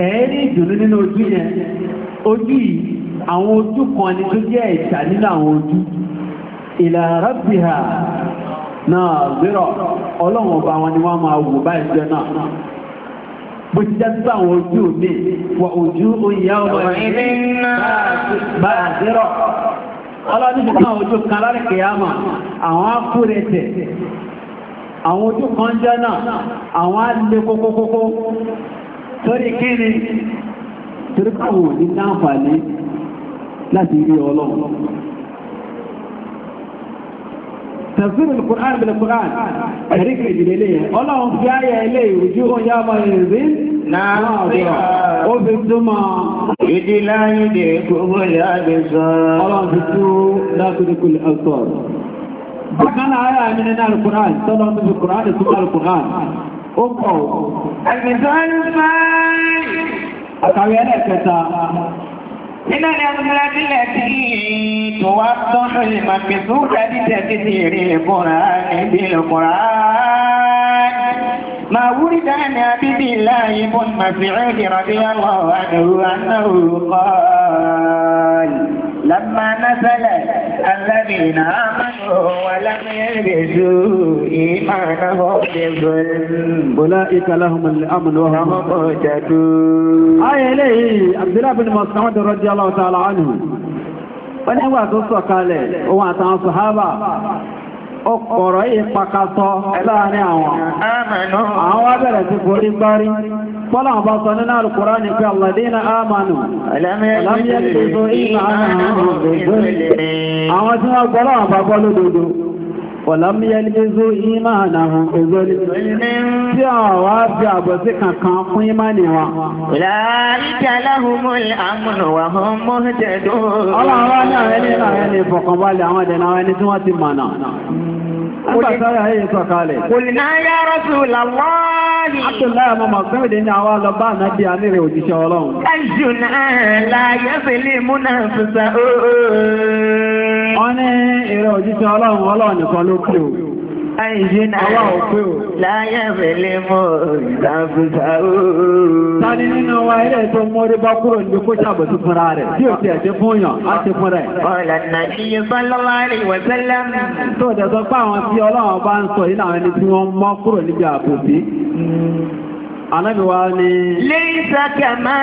ẹ̀ẹ́rí ni nínú ojú yẹn ojú yìí àwọn ojú kan ni tó jẹ́ ìjà nínú àwọn ojú ila rabbiha náà zero ọlọ́run ọba wọn ni wọ́n máa wò báyìí jẹ́ náà bó ti jẹ́ àwọn ojú mi wọ ojú oyè ọmọ ìdí bá a zero ti ojú kan torí kíni torí káwọn ní láǹfààní láti rí ọlọ́run تفسير القرآن بالقرآن أريك إجليلية الله في آية إليه وجوه يا مهزين ناظرة وفي السماء يدي لا يدركه الأبصار الله في السوء لا تدرك الأبصار بكان آية من القرآن صلى الله عليه وسلم القرآن ثم القرآن ó pọ̀ ò. Ẹgbẹ̀tọ́ ń fáì. Àkàrí ẹlẹ́kẹta. Iná ni ọmọlá nílẹ̀ tí tó wá tán lórí màkì tó dájú tẹ̀sí ti rí ìbúra níbi ìlúkúra. ما ورد عن عبد الله بن مسعود رضي الله عنه أنه قال لما نزلت الذين آمنوا ولم يلبسوا إيمانهم بظلم أولئك لهم الأمن وهم مهتدون آية إليه عبد الله بن مسعود رضي الله تعالى عنه wọ́n ní wà tó sọ̀kalẹ̀ ọkọ̀rọ̀ ìpakasọ láàrin àwọn. Àwọn wá bẹ̀rẹ̀ sí forí gbárí. Bọ́lá àwọn bá sọ nínú alùkùrá ní pé Àlàdínà Ámànù, Àlàmíyàn tó Ọ̀lọ́mí yẹlẹ́gbẹ́zó ìmáàna hàn ògbórí tí àwọ́ bí àbọ̀sí kankan fún ìmáàni wa. Ìlàríkà láhùmùl àmúnùwà hàn mọ́ jẹ́dùn. Ọlọ́run wá ní àwọn ẹni ìfọ̀kànbalẹ̀ Nígbàtàrà ayé sọ̀kalẹ̀. Kùnà ya Rasulallahi. Abdullahi ọmọ Mọ̀sánmìdé ní àwọn alọ́bá náà bí a nílẹ̀ òjíṣẹ́ Ọlọ́run. Ẹjùnà láyé fèlè múnà fìsà ooo. Wọ́n ní ìrẹ̀ òjíṣẹ́ Ọlọ́run Ọlọ́run nìkan ló kí o àìyún àwọn òpé ò láyé mẹ́lẹ́ mọ́ ìdábùsà ooo. Tani nínú wa ilé tó mọ́rí bá kúrò ní kó ṣàbò sí fúnra rẹ̀ tí ò ti ẹ̀ṣẹ́ fún yàn á ti fún rẹ̀. Ọ̀là nàbí sallallahu alaihi wa sallam. Tó dẹ̀ sọ pé àwọn tí Ọlọ́run bá ń sọ yìí làwọn ẹni tí wọ́n mọ́ kúrò níbi àbòsí. Ànábì wa ni. Laysa kama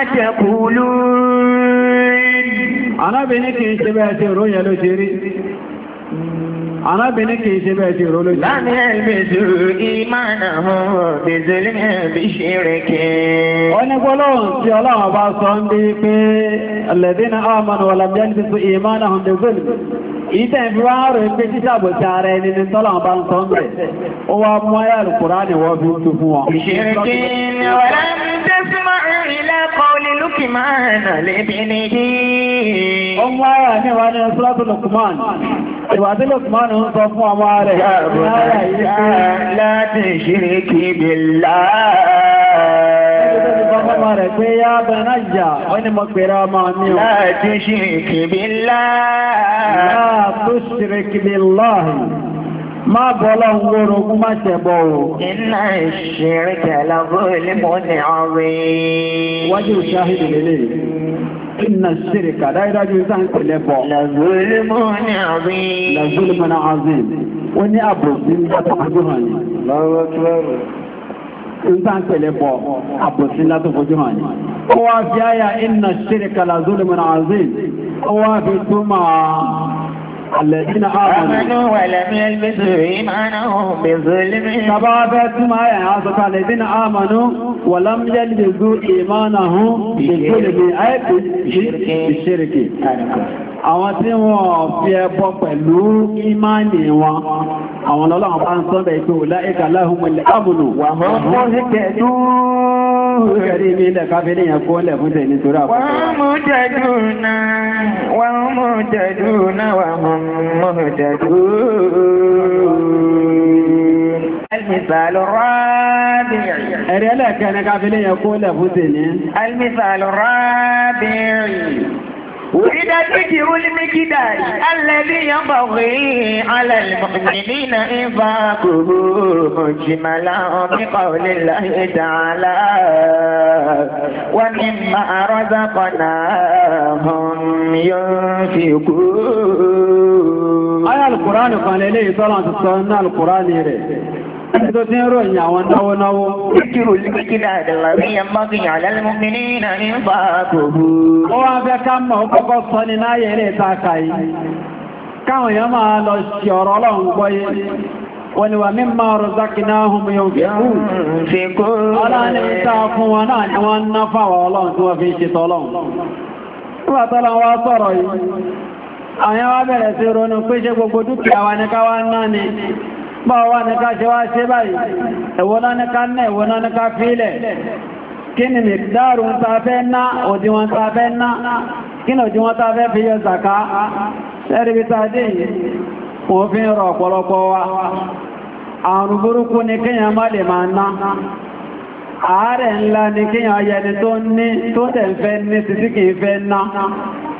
arábìnrin kìí ṣe bẹ́ẹ̀ ti rò lójú. láti ẹ̀lbẹ̀tù ìmánà hàn bẹ̀zẹ̀lẹ̀ bí ṣe rẹ̀ kẹ́. wọ́n ní gbọ́lọ́hùn tí ọlọ́run bá sọ ń bí pé alladhina amanu wa lam yalbisu imanahum bizulm ìtẹ́ ìfíwá rẹ̀ pé títàbọ̀ tí ara ẹni ní tọ́lá bá ń sọ́n bẹ̀ ó wá mú ayé Al-Qur'ani wọ́n fi tu fún wọn. ìṣẹ́rẹ̀kí ni wọ́n láti Luqman lébìnibí. Ọmọ ara ní wa ní Ṣúlátù Luqman. Ìwà tí Luqman ń sọ fún ọmọ rẹ̀. Láti ṣírí kí bìlá. Ọmọ rẹ̀ pé yá bẹ̀rẹ̀ jà, wọ́n ni mo pèrè ọmọ mi o. Láti ṣírí kí bìlá. Láti ṣírí kí bìlá. Má bọ́lọ́ ń gbóró kú má ṣẹ̀bọ̀ o. Iná ìṣẹ̀rẹ̀ kẹ̀lá bóyí ní mo ní ọ̀rẹ́. Wájú ìṣáhìdì lélẹ̀. Iná ìṣẹ̀rẹ̀ kàdá ìdájú ìsáhìn pẹ̀lẹ́ bọ̀. Làzúlùmọ́ ní ọ̀rẹ́. Làzúlùmọ́ ní ọ̀rẹ́. Ó ní bọ̀ àbòsí látò fojú hàn ní. Ó wá fi áyà iná ìṣẹ̀rẹ̀ kàlá zúlùmọ́ ní Ó wá fi túmọ̀ الذين آمنوا ولم يلبسوا إيمانهم بظلم تبابتهم آية عاصفة الذين آمنوا ولم يلبسوا إيمانهم بظلم أي بالشرك àwọn tí wọ́n fi ẹbọ pẹ̀lú ìmáàni wọn àwọn lọ́lọ́wọ́n bá ń sọ́bẹ̀ ìpé òlá láhùn ilẹ̀ àmùnù wọ́n mọ́ sí kẹ̀ẹ́dú kẹ̀rí wọ́n mú tẹ̀dù náà náà wọ́n المثال الرابع أريلا كان قابل يقول أبو المثال الرابع وإذا ذكر المكدار الذي ينبغي على المؤمنين إنفاقه جملا بقول الله تعالى ومما رزقناهم ينفقون Ayá alùkùránì kan lè lè ìtọ́lá ti sọ ní alùkùránì rẹ̀. Ẹjọ́ tí ń ròyìn àwọn náwónáwó. Ìkìrò líkìlá ìdàlàríyàn mọ́gbìyàn lẹ́lẹ́mọ́gbìnrin náà ní bá kòrò. Ó wá fẹ́ ká mọ̀ ó kọ́kọ́ sọ ní náyẹ̀ ilé ìtàkà yìí. Káwọn èèyàn máa lọ sí ọ̀rọ̀ ọlọ́run gbọ́yé wọ́n wà mímọ̀ rọ̀zákiná ọmọ yóò fi kú. Ọlọ́ni ń ta fún wọn náà ni wọ́n ná fáwọn ọlọ́run tí wọ́n fi ń ṣe tọ́lọ́run. Wọ́n àwọn wá bẹ̀rẹ̀ sí ronú pé ṣe gbogbo dúkìá wa ní káwà náà ni bá wá ní ká ṣe wá ṣe báyìí ẹ̀wọ́ná ní ká náà ẹ̀wọ́ná ní ká fílẹ̀ kí ni mìdáàrù ń ta fẹ́ ná òdíwọ̀n ta fẹ́ ná kí ni òdíwọ̀n ta fẹ́ fi yọ zàká lẹ́rìbítà ńlá ni kíyàn ayẹni tó tẹ̀ ń fẹ́ ní títí kìí ná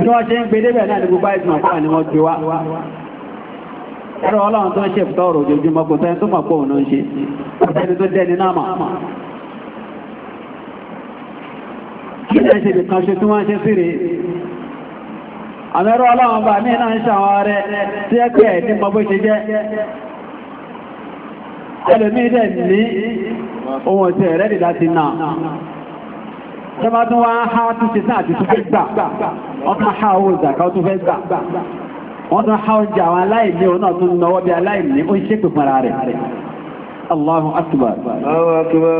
tí wọ́n ṣe ń gbé débẹ̀ náà ní gbogbo àìsàn àpá ni wọ́n gbé wá ẹ̀rọ ọlọ́run tó ń ṣe ìfẹ́ ọ̀rọ̀ ojoojúmọ́ kò tẹ́ni tó mọ̀ pọ̀ òun ń ṣe ẹni tó dẹni náà mọ̀ kí ẹ̀ ṣe nìkan ṣe tí wọ́n ṣe sí rèé àmì ẹ̀rọ ọlọ́run bá mí náà ń ṣàwọn ààrẹ tí ẹ pé ẹ̀ ní mọ bó náà tọ́bá tún ha wọ́n tún ṣe ti ha ha àwọn aláìní òun náà tún bí aláìní ó ń ṣe pè fúnra rẹ̀ Allahu akbar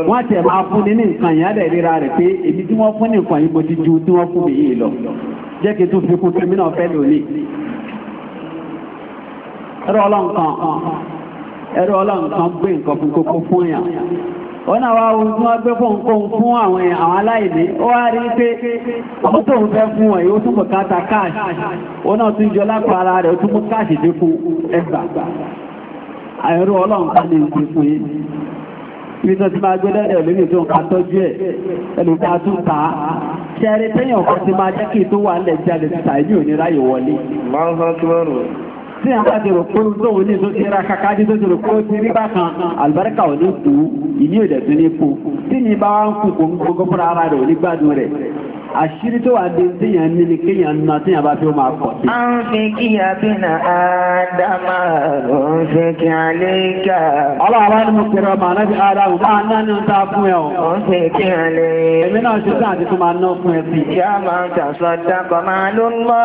wọ́n tẹ̀ máa fún ní nǹkan yẹn ríra rẹ̀ pé èmi tí wọ́n fún ní nǹkan ti ju tí wọ́n fún mi yìí lọ jẹ́ kí tún fi fẹ́ wọ́n náà wá ohun tí wọ́n gbé fún nǹkan fún àwọn àwọn aláìní ó wá rí pé ọmọ tó ń fẹ́ fún wọn yóò túnbọ̀ káta káàṣì ó náà tún jọ lápá ara rẹ̀ ó túnbọ̀ káàṣì dínkù ẹgbà àìrú ọlọ́run ká ní ìpín fún yìí ibi tó ti máa gbé lẹ́rẹ̀ lórí tó ń ka tọ́jú ẹ̀ ẹlùkà tún ta ṣẹ́rí tẹ́yìn ọ̀kan ti máa jẹ́ kí tó wà ń tí a bá dèrò kó tóun ní tó ti ra kàkà jí tó dèrò kó ti rí bákan àlùbáríkà ò ní kú ìní òdẹ̀ tó ní kú tí ní bá wá ń kú kò ń gbogbo fúnra ara rẹ̀ ò ní gbádùn rẹ̀ àṣírí tó wà dé tíyàn ní ni kíyàn ná tíyàn bá fi ó máa pọ̀ sí. a ń fi kí abínà ádámà ló ń fi kí àlékà. ọlọ́wọ́ bá ní mo kéré ọmọ anábì ádámù máa ná ní ọ̀tá fún ẹ o. ó ń fi kí àlè. èmi náà ṣe sáà ti tún máa ná fún ẹ sí. ìyá máa ń tàṣọ dábọ̀ máa ló ń lọ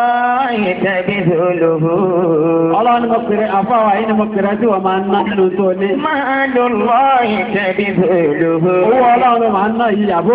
ìtẹ́bí olówó. ọlọ́wọ́ ni mo kéré àfáwà yìí ni mo kéré tí wọ́n máa ná nínú tó ní. máa ló ń lọ ìtẹ́bí olówó. owó ọlọ́run máa ń ná yìí àbó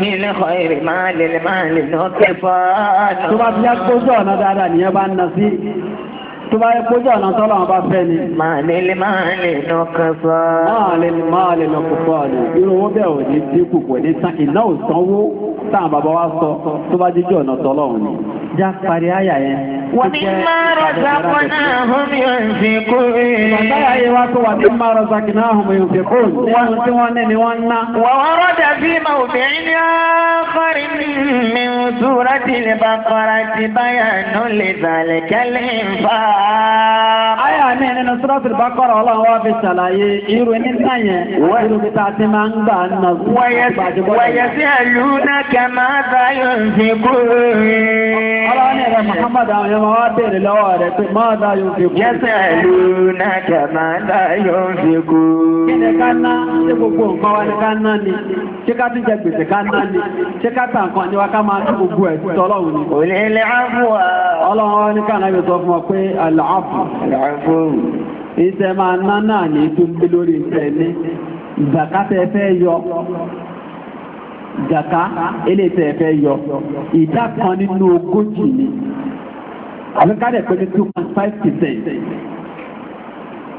nílẹ̀ kọ́ èrè máa lè máa lè lọ́kẹ́ fọ́. tó bá fi á gbójú ọ̀nà dáadáa nìyẹn bá ń na sí tó bá yẹ kójú ọ̀nà tọ́lọ̀ wọn bá fẹ́ ni. Màálìlì máàlì nọkàn sọ. Màálìlì máàlì nọkàn sọ ni. Irú owó bẹ́ẹ̀ ò ní dínkù kò ní tán iná ò sanwó táwọn bàbá wa sọ tó bá díjú ọ̀nà tọ́lọ̀ wọn ni. Já parí àyà yẹn. Wọ́n ní máa rọ̀ṣà kan náà hàn mí ò ń fi kú rí. Bàbá ayé wa tó wà ní máa rọ̀ṣà kì náà hàn mí ò ń fi kú rí. Wọ́n tí wọ́n ní ni wọ́n ná. Wọ́n wọ́n rọ́jà sí ìmọ̀ obìnrin ní áfárí mi ń súra ti lè bá fara ti báyà nù lè zàlẹ̀ kẹ́lẹ́ ń fa. Ayà mi nínú Suratul Baqara ọlọ́run wá fi ṣàlàyé irú nígbà yẹn, irú bí ta ti máa ń gbà nà wọ́yẹ̀ sí ẹ̀lú náà kẹ máa dáyọ̀ fi kú rí. Ọlọ́run ní ẹ̀rẹ̀ Muhammad àwọn yẹn máa wá bèèrè lọ́wọ́ ni ká ná? Ṣé ni? Ṣé ká tún jẹ gbèsè ká ná ni? Ṣé ká ni wá ká máa العفو، iṣẹ́ máa ná náà ní tó ń gbé lórí iṣẹ́ ní ìgbàkátẹ́ fẹ́ yọ gàká eléètẹ́ fẹ́ yọ ìdá 2.5%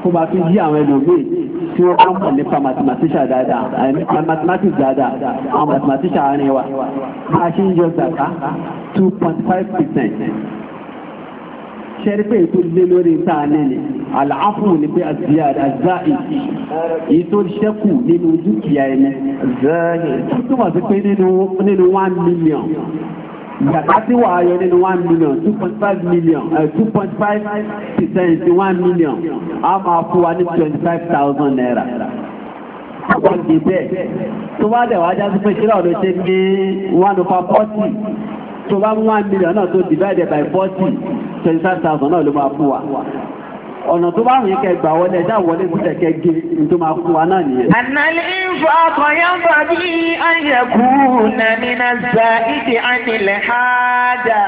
kó bá tún yí àwọn ẹlòmíì tí wọ́n kọ́ mọ̀ nípa mathematician dáadáa àìmípa mathematics dáadáa àwọn mathematician àárín wa bá a ṣe ń yọ gàká 2.5% ṣẹ́rí pé ètò lé lórí ta nẹ́ni àlàáfù ní pé àzíyà àzáì èyí tó ṣẹ́kù nínú dúkìá ẹni túmọ̀ sí pé nínú one million gbàgbá tí wàá yọ nínú one million two point five million eh, two point five percent one million a máa fún wa ní twenty five thousand naira wọ́n ti tó bá dẹ̀ wá sí pé ṣílẹ̀ ọ̀dọ̀ ṣe ní one over forty tó bá mú 1 million náà tó divide by 40 25,000 náà ló máa fún wa ọ̀nà tó bá rìn kẹgbà wọlé ẹ̀dá wọlé mú tẹ̀kẹ́ gé ní tó máa fún wa náà nìyẹn. ànàlẹ́ ìfọ akọ̀yán bọ̀ bí ayẹ̀kú nàmínà zà ìdí ànilẹ̀ háàdà.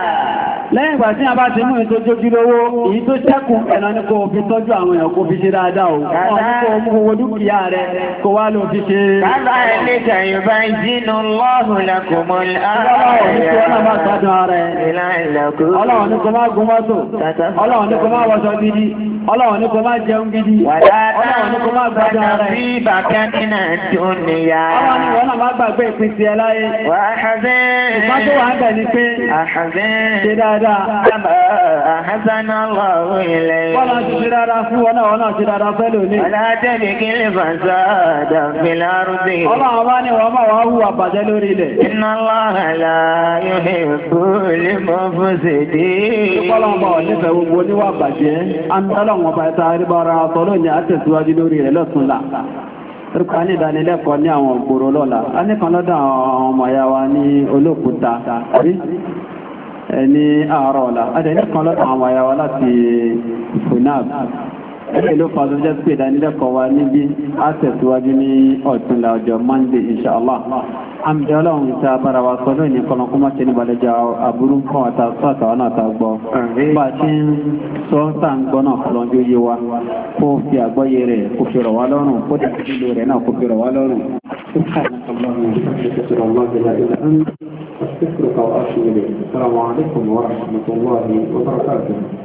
lẹ́yìn ìgbà tí a bá ti mú ètò jójú lówó èyí tó ṣẹ́kù ẹ̀nà ní kò fi tọ́jú àwọn èèyàn fi ṣe dáadáa o. ọ̀nà kò mú owó dúkìá rẹ̀ kò wá ló fi ṣe. bàbá ilé Ọlọ́run ní kò máa jẹun gidi. Ọlọ́run ní kò máa gbádùn ara ẹ̀. Ọlọ́run ní wọ́n náà máa gbàgbé ìpín ti ẹ láyé. Ìpá tó wà ń bẹ̀ ni pé ṣe dáadáa. Bọ́lá ti ṣe dáadáa fún wọn náà, wọn náà ṣe dáadáa fẹ́ lónìí. Ọlọ́run bá ní wọ́n máa wá hùwà bàjẹ́ lórí ilẹ̀. Iná láàlá yóò ní ìbú ilé mọ́ fún ṣèdí. Ọlọ́run bá wà nífẹ̀ẹ́ gbogbo oníwà bàjẹ́. Àmì ọlọ́run ọba ẹta àríbára ọ̀tọ̀ lónìí àtẹ̀síwájú lórí rẹ̀ lọ́túnla orúkọ ní ìdánilẹ́kọ̀ọ́ ní àwọn ògbòrò lọ́la a níkan lọ́dọ̀ àwọn ọmọ ya wa ní olókùúta rí ẹni àárọ̀ ọ̀la a dẹ̀ níkan lọ́dọ̀ àwọn ọmọ ya wa láti funab Ẹgbẹ́ ló fàájú jẹ́ pé ìdánilẹ́kọ̀ọ́ wa níbi á tẹ̀síwájú ní ọ̀túnla ọjọ́ Monday inshallah. Àmì ọlọ́run ta bára wa sọ lónìí kọlọ̀kún máa ṣe ní balẹ̀jà àbúrú kan àtàtọ́ àtàwọn náà ta gbọ́. Bá ṣe ń sọ tà ń